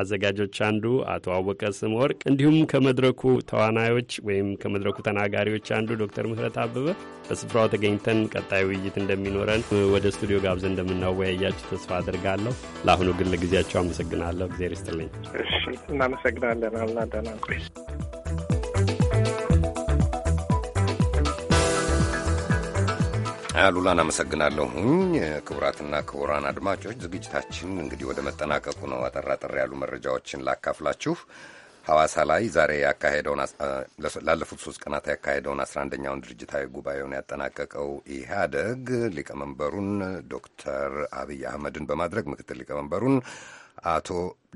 Speaker 8: አዘጋጆች አንዱ አቶ አወቀ ስም ወርቅ እንዲሁም ከመድረኩ ተዋናዮች ወይም ከመድረኩ ተናጋሪዎች አንዱ ዶክተር ምህረት አበበ በስፍራው ተገኝተን ቀጣይ ውይይት እንደሚኖረን ወደ ስቱዲዮ ጋብዘ እንደምናወያያችሁ ተስፋ አድርጋለሁ። ለአሁኑ ግን ለጊዜያቸው አመሰግናለሁ። እግዜር ይስጥልኝ።
Speaker 14: እሺ፣ እናመሰግናለን። አሉላ ደህና ቆይ።
Speaker 3: አሉላን አመሰግናለሁኝ። ክቡራትና ክቡራን አድማጮች ዝግጅታችን እንግዲህ ወደ መጠናቀቁ ነው። አጠራጠር ያሉ መረጃዎችን ላካፍላችሁ። ሐዋሳ ላይ ዛሬ ያካሄደውን ላለፉት ሶስት ቀናት ያካሄደውን አስራ አንደኛውን ድርጅታዊ ጉባኤውን ያጠናቀቀው ኢህአደግ ሊቀመንበሩን ዶክተር አብይ አህመድን በማድረግ ምክትል ሊቀመንበሩን አቶ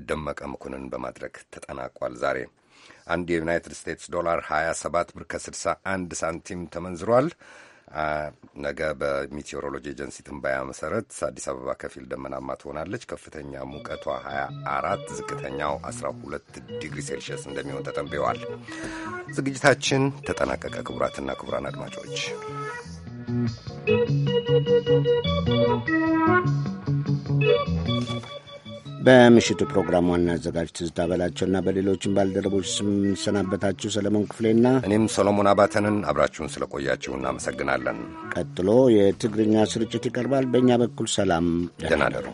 Speaker 3: ደመቀ መኮንን በማድረግ ተጠናቋል። ዛሬ አንድ የዩናይትድ ስቴትስ ዶላር 27 ብር ከ61 ሳንቲም ተመንዝሯል። ነገ በሚቴዎሮሎጂ ኤጀንሲ ትንባያ መሰረት አዲስ አበባ ከፊል ደመናማ ትሆናለች። ከፍተኛ ሙቀቷ 24፣ ዝቅተኛው 12 ዲግሪ ሴልሽየስ እንደሚሆን ተጠንብዋል። ዝግጅታችን ተጠናቀቀ። ክቡራትና ክቡራን አድማጮች
Speaker 11: Thank you.
Speaker 1: በምሽቱ ፕሮግራም ዋና አዘጋጅ ትዝታ በላቸውና በሌሎችም ባልደረቦች ስም
Speaker 3: ሰለሞን ክፍሌና እኔም ሰሎሞን አባተንን አብራችሁን ስለቆያችሁ እናመሰግናለን። ቀጥሎ የትግርኛ ስርጭት ይቀርባል። በእኛ በኩል ሰላም፣ ደህና ደሩ።